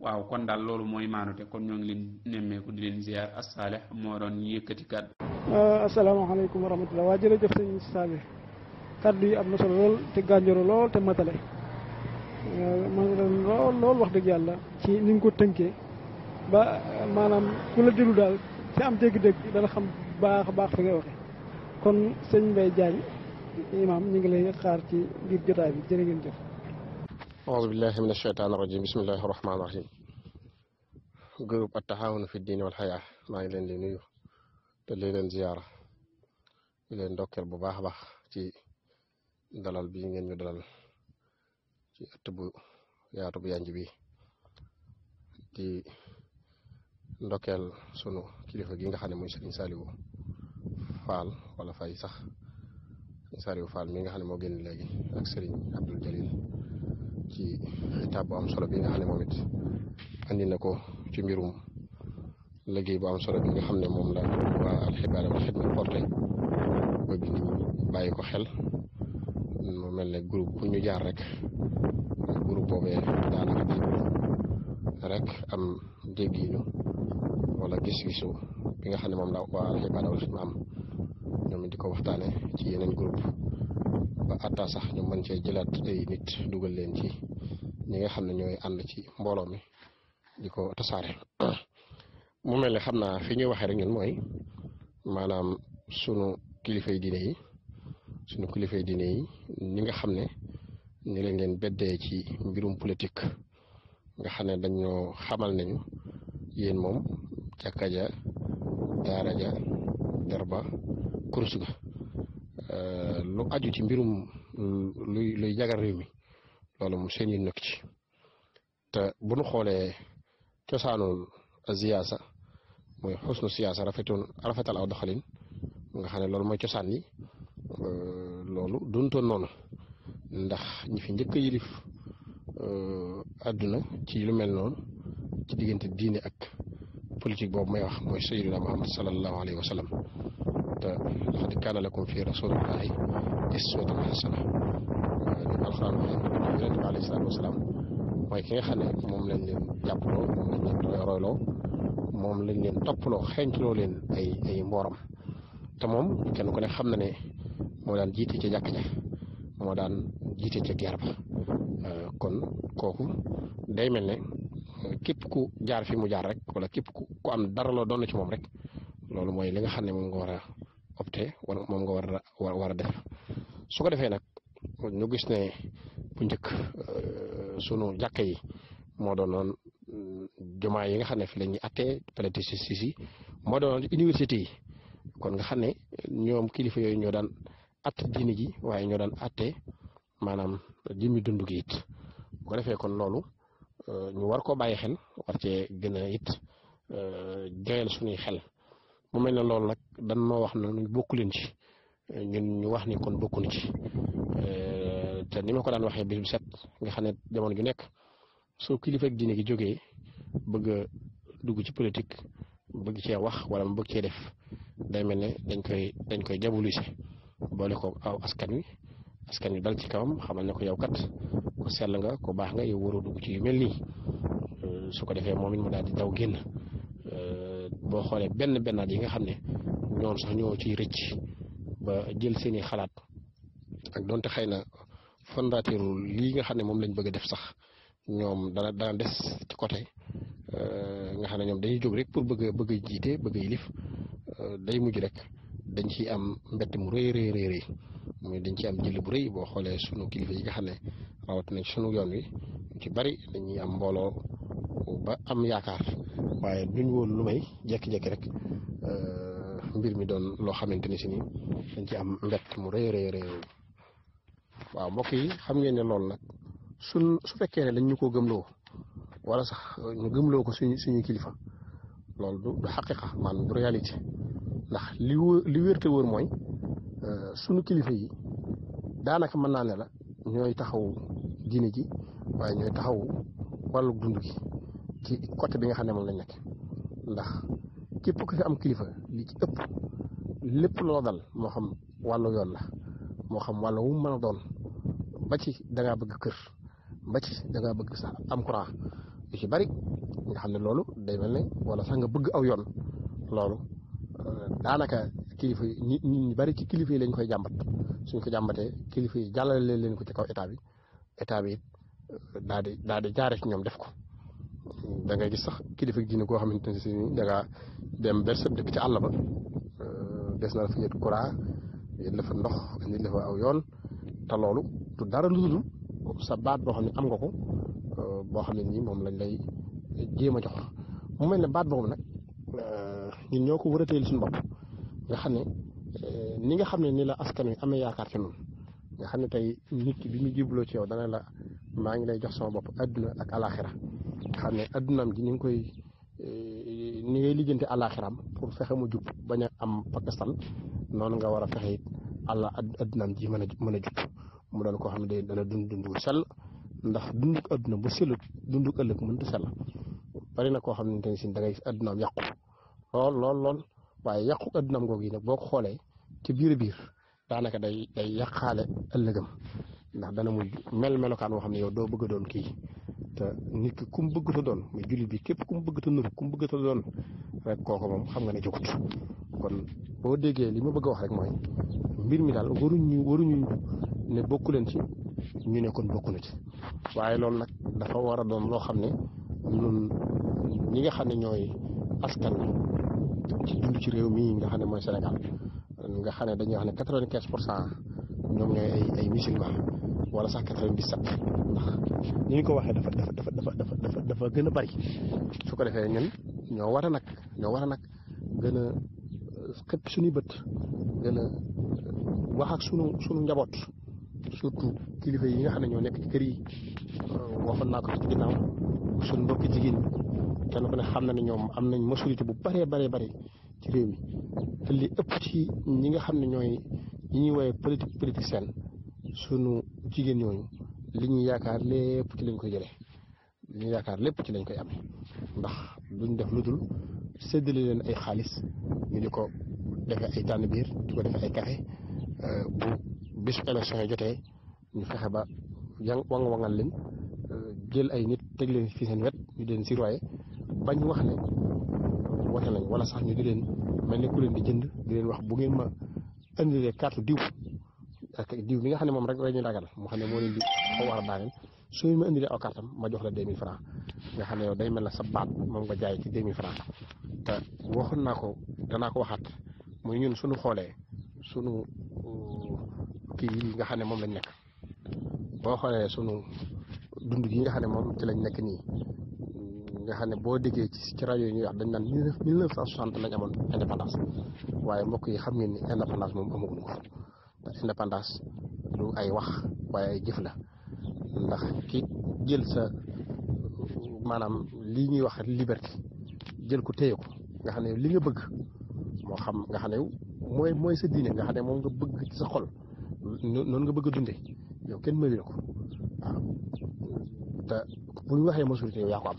S3: waaw kon daal loolu mooy maanute kon ñoo ngi leen nemmeeku di leen ziar asaaleh moo doon yëkkati kàddu.
S1: Euh, asalaamaaleykum wa rahmatulah waa jërëjëf sëñ Saabe kàddu yi am na solo lool te gànjoro lool te matale. man lool lool wax dëgg yàlla ci ni nga ko tënkee ba maanaam ku la déglu daal ci am dégg-dégg dana xam baax a baax fi ngay waxee kon sëñ Mbaye Diagne imaam ñu ngi lay xaar ci biir jotaay bi jërë ngeen jëf
S4: aouzu billahi maa ngi leen di nuyu te li leen ziyaara di leen ndokkeel bu baax a baax ci dalal bi ngeen ñu dalal ëtt bu yaatu bu yanj bi di ndokkeel sunu kilifa gi nga xam ne muy Serigne Saliou Fall wala fay sax Serigne Saliou mi nga xam ne moo génn léegi ak Serigne Abdoul Jalil ci xitaab bu am solo bi nga ne moom it ko ci mbirum liggéey bu am solo bi nga xam ne moom la waa alxibaara wal xidma porté ba bàyyi ko xel mu mel ne groupe bu ñu jaar rek groupe boobee daanaka dégg rek am déggiinu wala gis-gisu bi nga xam ne moom la waa Al-Hibaada wal am ñoom di ko waxtaane ci yeneen groupe ba atta sax ñu mën cee jëlaat ay nit dugal leen ci ñi nga xam ne ñooy ànd ci mbooloo mi di ko tasaare mu mel ne xam naa fi ñuy waxee rek ñun mooy maanaam sunu kilifa yi diine yi suñu kilifay diine yi ñi nga xam ne ñu leen leen beddee ci mbirum politique nga xam ne dañ dañoo xamal nañu yéen moom jàkka ja daara ja derba kurus ga euh, lu aju ci mbirum luy luy jagal réew mi loolu mu seen yu nekk te bu nu xoolee cosaanul ziyaasa mooy xusnu siyaasa rafetoon rafetal aw doxalin nga xam ne loolu mooy cosaan yi Euh, loolu duntoon noonu ndax ñi fi njëkk a yilif euh, àdduna ci lu mel noonu ci diggante diine ak politique boobu may wax mooy sayyidina muhammad sallallahu alayhi wa sallam ko alxuraan wasalaam mooy ki xam ne moom lañ leen jàppaloo moom lañ leen royloo moom leen toppaloo xeeñculoo leen ay ay mbooram te moom kenn ku ne xam na ne moo daan jiite ca jàkk ja moo daan jiite ca geer euh, kon kooku day mel ne képp ku jaar fi mu jaar rek wala képp ku ku am dara loo doon ci moom rek loolu mooy li nga xam ne moom nga war a opté wala moom nga war a war a def su ko defee nag ñu gis ne bu njëkk euh, sunu jàkk yi moo doon noon mm, jumaa yi nga xam ne fi la ñuy attee peut si si moo université yi kon nga xam ne ñoom kilifa yooyu ñoo daan att diine waaye ñoo daan atte maanaam jëmmi dund gi it bu ko defee kon loolu euh, ñu war ko bàyyi xel war cee gën a it euh, joyal suñuy xel mu mel ne loolu nag dan noo wax na ñu bokku leen ci ñu wax ni kon bokkuñu ci euh, te ni ma ko daan waxee bis bu nga xam ne jamono ju nekk soo kilifa ak gi jógee bëgg dugg ci politique bëgg cee wax wala mu bëgg cee def day mel ne dañ koy dañ koy diaboliser boole ko aw askan wi askan wi dal ci kawam xamal ne ko yow kat ku sell nga ko baax nga yow waroo dugg ci yu mel ni euh, su ko defee moom it mu daal di daw génn euh, boo xoolee benn bennaat yi nga xam ne ñoom sax ñoo ciy rëcc ba jël seeni xalaat ak donte xëy na fondateur lii nga xam ne moom lañ bëgg a def sax ñoom dana dana des ci côté Euh, nga xam ne ñoom dañu jóg rek pour bëgg a bëgg a jiitee bëgg a yilif euh, day mujj rek dañ ciy am mbett mu rëy rëy rëy rëy muy dañ ciy am jël bu rëy boo xoolee sunu kilifa yi nga xam ne rawatina ci sunu yoon wi ci bari dañuy am mbooloo ba am yaakaar waaye duñ woon lu may jékki-jékki rek euh, mbir mi doon loo xamante ni si dañ ci am mbett mu rëy rëy rëy waaw mbokk yi xam ngeen ne loolu nag suñ su fekkee ne dañ ñu ko gëm gëmloo wala sax ñu gëmuloo ko suñu suñu kilifa loolu du du xaqiqa du réalité ndax li wë li wérte wër mooy euh, suñu kilifa yi daanaka mën naa ne la ñooy taxaw diine ji waaye ñooy taxaw wàllu dund gi ci côté bi nga xam ne moom lañ nekk ndax képp ku fi am kilifa li ci ëpp lépp loo dal moo xam wàllu yoon la moo xam wàllu wu mën a doon ba ci dangaa bëgg kër ba ci dangaa bëgg sa am courant yu ci bari nga xam ne loolu day mel ne wala sax nga bëgg aw yoon loolu euh, daanaka kilifa yi ñi bari ci kilifa yi lañ koy jàmbat suñ ko jàmbatee kilifa yi jàllale leen ko ci kaw état bi état bi it euh, daal di ñoom def ko da ngay gis sax kilifa gi ne koo xamante ne si da ngaa dem bersab dëkk ci àll ba euh, des na la fa ñetti courant yéen la ndox nit la fa aw yoon te loolu du dara lu dul sa baat boo xam ne am nga ko boo xam ne nii moom lañ lay jéem a jox mu mel ne baat boobu nag euh, ñun ñoo ko war a téyel suñu bopp nga xam ne euh, ni nga xam ne ni la askan wi amee yaakaar xam ne tey nit ki bi ñu jubloo la maa ngi lay jox sama bopp adduna ak alaxira nga xam ne addunaam gi ñu ngi koy euh, ni ngay lijjante alaxiraam pour fexe mu jub bañ a am pakistan noonu nga war a fexe it àlla addunaam ji mën a mën a jub mu doon ko xam ne dana dund dund sell ndax dunduk adduna bu sellut dunduk ëllëg mënta sell bari na koo xamante ne si da ngay addunaam yàqu lool lool lool waaye yàqu addunaam googu yi nag boo ko xoolee ci biir biir daanaka day day yàqaale ëllëgam ndax dana muy mel melokaan woo xam ne yow doo bëgg a doon kii te nit ki ku mu bëgg doon muy jullit bi képp ku bëgg ta nuru ku mu rek kooku moom xam nga ne jógut kon boo déggee li ma bëgg a wax rek mooy mbir mi daal waruñu waruñu ne bokku leen ci ñu ne kon bokku na ci waaye loolu nag dafa war a doon loo xam ne ñun ñi nga xam ne ñooy askan ci dund ci réew mii nga xam ne mooy Sénégal nga xam ne dañuy wax ne quatre-vingt-quinze pour cent ñoom ñooy ay ay musulman wala sax quatre-vingt-dix-sept ndax ni ñu ko waxee dafa dafa dafa dafa dafa dafa gën a bari su ko defee ñun ñoo war nag ñoo war nag gën a suñuy bët gën a wax ak sunu sunu njaboot. surtout kilifa yi nga xam ne ñoo nekk ci kër yi waxoon naa ko ci ginnaaw suñ mbokki jigéen ñi kenn ku ne xam na ne ñoom am nañ masulité bu bëree bëree bëri ci réew mi te ëpp ci ñi nga xam ne ñooy ñu ñuy woowee politique politicienne sunu jigéen ñooñu li ñu yaakaar lépp ci lañ koy jëlee li yaakaar lépp ci lañ koy amee ndax duñ def lu dul séddale leen ay xaalis ñu di ko defee ay tànn biir di ko defee ay kafe euh, bu bis élection yi jotee ñu fexe ba yang wang wangal leen euh, jël ay nit teg leen fi seen wet ñu leen surveiller bañ wax ne wote nañ wala sax ñu di leen mel ne ku leen di jënd di leen wax bu ngeen ma indilee carte diw ak diw bi nga xam ne moom rek la ñu dagal mu xam ne moo leen di ko war a daaneel su ñu ma indilee aw kartam ma jox la 2000 francs nga xam ne yow day mel na sa baat moom nga jaay ci 2000 francs te waxoon naa ko danaa ko waxaat muy ñun suñu xoolee sunu kii nga xam ne moom lañ nekk boo xoolee sunu dund gi nga xam ne moom ci lañ nekk nii nga xam ne boo déggee ci rajo yi ñuy wax dañ naan mille neuf cent soixante lañ amoon indépendance waaye mbokk yi xam ngeen ni indépendance moom amaguñu ko te indépendance du ay wax waaye ay jëf la ndax ki jël sa maanaam lii ñuy wax liberté jël ko téye ko nga xam ne li nga bëgg moo xam nga xam ne mooy mooy sa diine nga xam ne moom nga bëgg ci sa xol noonu nga bëgg a dundee yow kenn mayu la ko waaw te bu ñu waxee majorité yow yaa ko am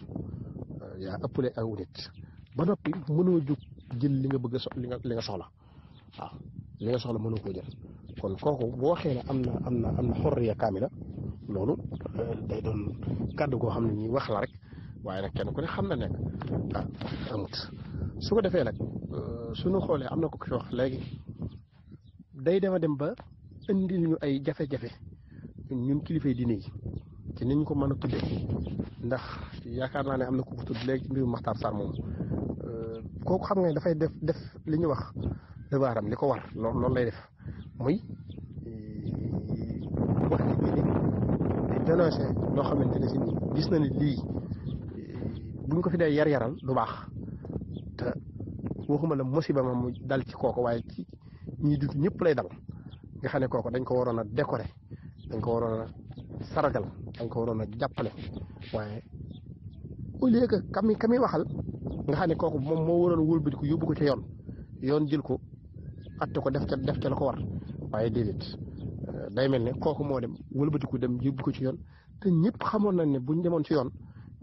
S4: euh, yaa ëppale aw nit ba noppi mënoo jóg jël li nga bëgg li nga li nga soxla waaw li nga soxla mënoo koo jël kon kooku boo waxee ne am na am na am na xorriya kaamila loolu euh, day doon kàddu goo xam ne ñuy wax la rek waaye nag kenn ku ne xam na ne ah amut su ko defee nag euh, suñu xoolee am na ko ki wax léegi day dema dem ba indil ñu ay jafe-jafe ñun kilifa yi diine yi ci niñ ko mën a tuddee ndax yaakaar naa ne am na ku ko tudd léegi ci mbiru Makhtar Sarr moom euh, kooku xam nga ne dafay def def li ñu wax dëbaaram li ko war loolu lay def muy euh, wax ci diine di dénoncé loo xamante ne na ne euh, ko fi dee yar-yaral du baax te waxuma la musiba ma mu dal ci kooku waaye ci ñiy dund ñëpp lay dal nga xam ne kooku dañ ko waroon a décorer dañ ko waroon a sargal dañ ko waroon a jàppale waaye au lieu que kami kami waxal nga xam ne kooku moom moo waroon wëlbati ko yóbbu ko yoon yoon jël ko atte ko def def ca ko war waaye déedéet euh, mel ne kooku moo dem dem yóbbu ci yoon te ñëpp xamoon nañ ne buñ demoon ci yoon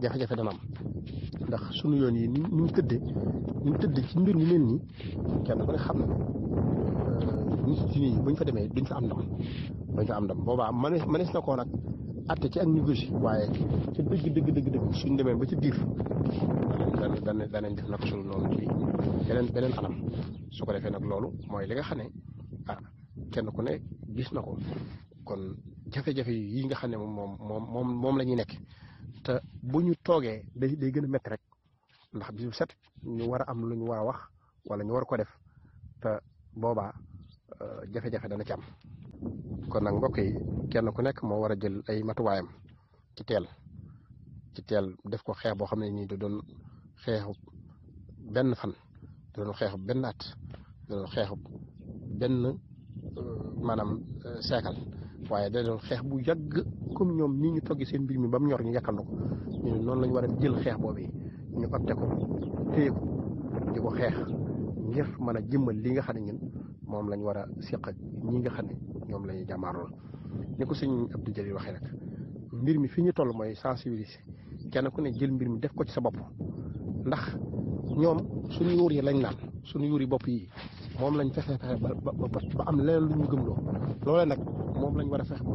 S4: jafe-jafe dana ndax sunu yoon yi ni ñu tëddee ni ñu ci mbir mi mel nii kenn ku ne xam na nit ñi buñ fa demee duñ fa am ndam duñ fa am ndam boobaa mënees mënees na koo nag atte ci ak ñu waaye ca dëgg dëgg dëgg dëgg suñ demee ba ci biir danañ danañ danañ def beneen beneen anam su ko defee nag loolu mooy li nga xam ne ah kenn ku ne gis na ko kon jafe-jafe yi nga xam ne moom moom moom moom la ñuy nekk te bu ñu toogee day day gën a métti rek ndax bis set ñu war a am luñu ñu war a wax wala ñu war ko def te boobaa Euh, jafe-jafe dana ci am kon nag mbokk yi kenn ku nekk moo war a jël ay matuwaayam ci ci teel def ko xeex boo xam ne nii da doon xeexu benn fan da doon xeexu benn at da doon xeexu benn euh, maanaam euh, seekal waaye da doon xeex bu yàgg comme ñoom nii ñu toggi seen mbir mi ba mu ñor ñu yàkkandu ko ñu noonu la ñu war a jël xeex boobu ñu opte ko téye ko xeex ngir mën a jëmmal li nga xam ne ñun moom lañ war a seq ak ñi nga xam ne ñoom la ñuy jàmmaarloo ni ko sëñ Abdou Jalil waxee nag mbir mi fi ñu toll mooy sensibiliser kenn ku ne jël mbir mi def ko ci sa bopp ndax ñoom suñu yuur yi lañ naan suñu yuur yi bopp yi moom lañ fexe fexe ba am leneen lu ñu gëmloo loolee nag moom lañ war a fexe ba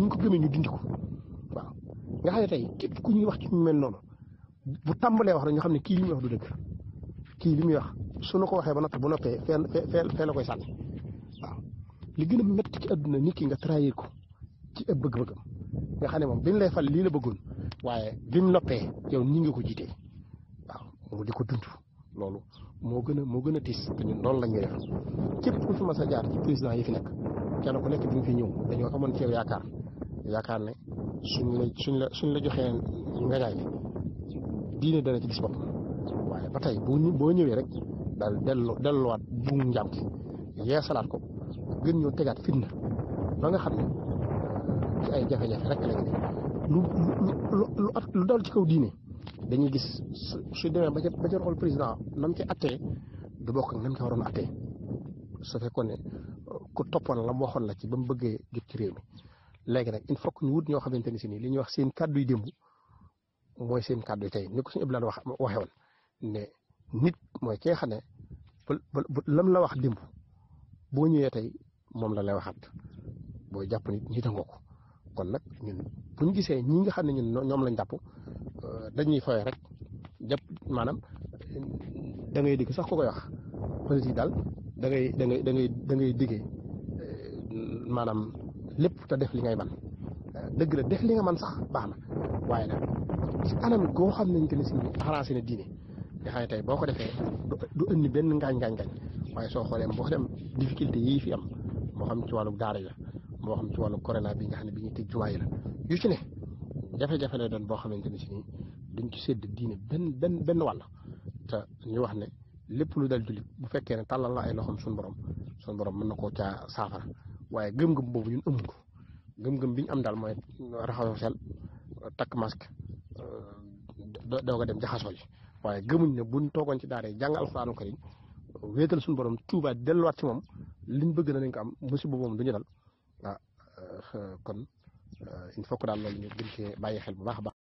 S4: ñu ko gëmee ñu dindi ko waaw nga xam ne tey képp ku ñuy wax ci ñu mel noonu bu tàmbalee wax rek ñu xam ne kii li ñuy wax du dëgg kii li muy wax suñu ko waxee ba noppi bu noppee fee fee la koy sànni waaw li gën a métti ci àdduna nit ki nga trahir ko ci ab bëgg-bëggam nga xam ne moom bi mu lay fal lii la bëggoon waaye bi mu noppee yow nii nga ko jiitee waaw mu di ko dund loolu moo gën a moo gën a tiis te ñun la ñuy def képp ku fi mas ci président yi fi nekk kenn ku nekk bi mu fi ñëw dañoo amoon ceeb yaakaar yaakaar ne suñ la suñ la suñ la joxee ngañaay diine dana waaye ba tey bu boo ñëwee rek daal dellu delluwaat buum njàmp yeesalaat ko gën ñoo tegaat fitna ba nga xam ne ay jafe-jafe rek lu lu ci kaw diine dañuy gis su su demee ba ca ba président nam ci attee du bokk nam ci waroon attee su ko ne ku toppoon la mu la ci ba mu bëggee jot ci réew mi léegi nag il faut que ñu wut ñoo xamante ni si nii li ñuy wax seen kàddu yu démb mooy seen kàddu yi tey ni ko suñu ëpp laan wax waxee ne nit mooy kee xam ne lam la wax dimb boo ñëwee tey moom la lay waxaat boo jàpp nit ñi dangoo ko kon nag ñun bu ñu gisee ñi nga xam ne ñun ñoom lañ jàpp euh, dañuy fooye rek jàpp maanaam dangay ngay sax ko koy wax politique daal da ngay da ngay da ngay da euh, maanaam lépp te def li ngay man euh, dëgg la def li nga man sax baax na waaye nag ci anam goo xam nañ te ne si arrangé na diine nga xam tey boo ko defee du indi benn ngaañ-ngaañ-ngaañ waaye soo xoolee mboolem difficulté yii fi am moo xam ci wàllu daara yi la moo xam ci wàllu corona bi nga xam ne bi ñuy tëj jumaa yi la yu ci ne jafe-jafe boo xamante ne si nii duñ sédd diine benn benn benn wàll te wax ne lépp lu dal jullit bu fekkee ne tàllal la ay loxoom suñu borom suñu mën na koo caa saafara waaye gëm-gëm boobu ñun ko gëm-gëm bi am daal mooy raxasoo sel takk masque euh, doo ko dem jaxasoo ji waaye gëmuñ ne buñ toogoon ci daara yi jàng alxuraanu karim wéetal suñu borom tuubaa delluwaat si moom liñ bëgg na nañ ko am
S1: musiba boobu du ñu dal ah euh, kon euh, il faut que daal loolu ñu gën cee bàyyi xel bu baax a baax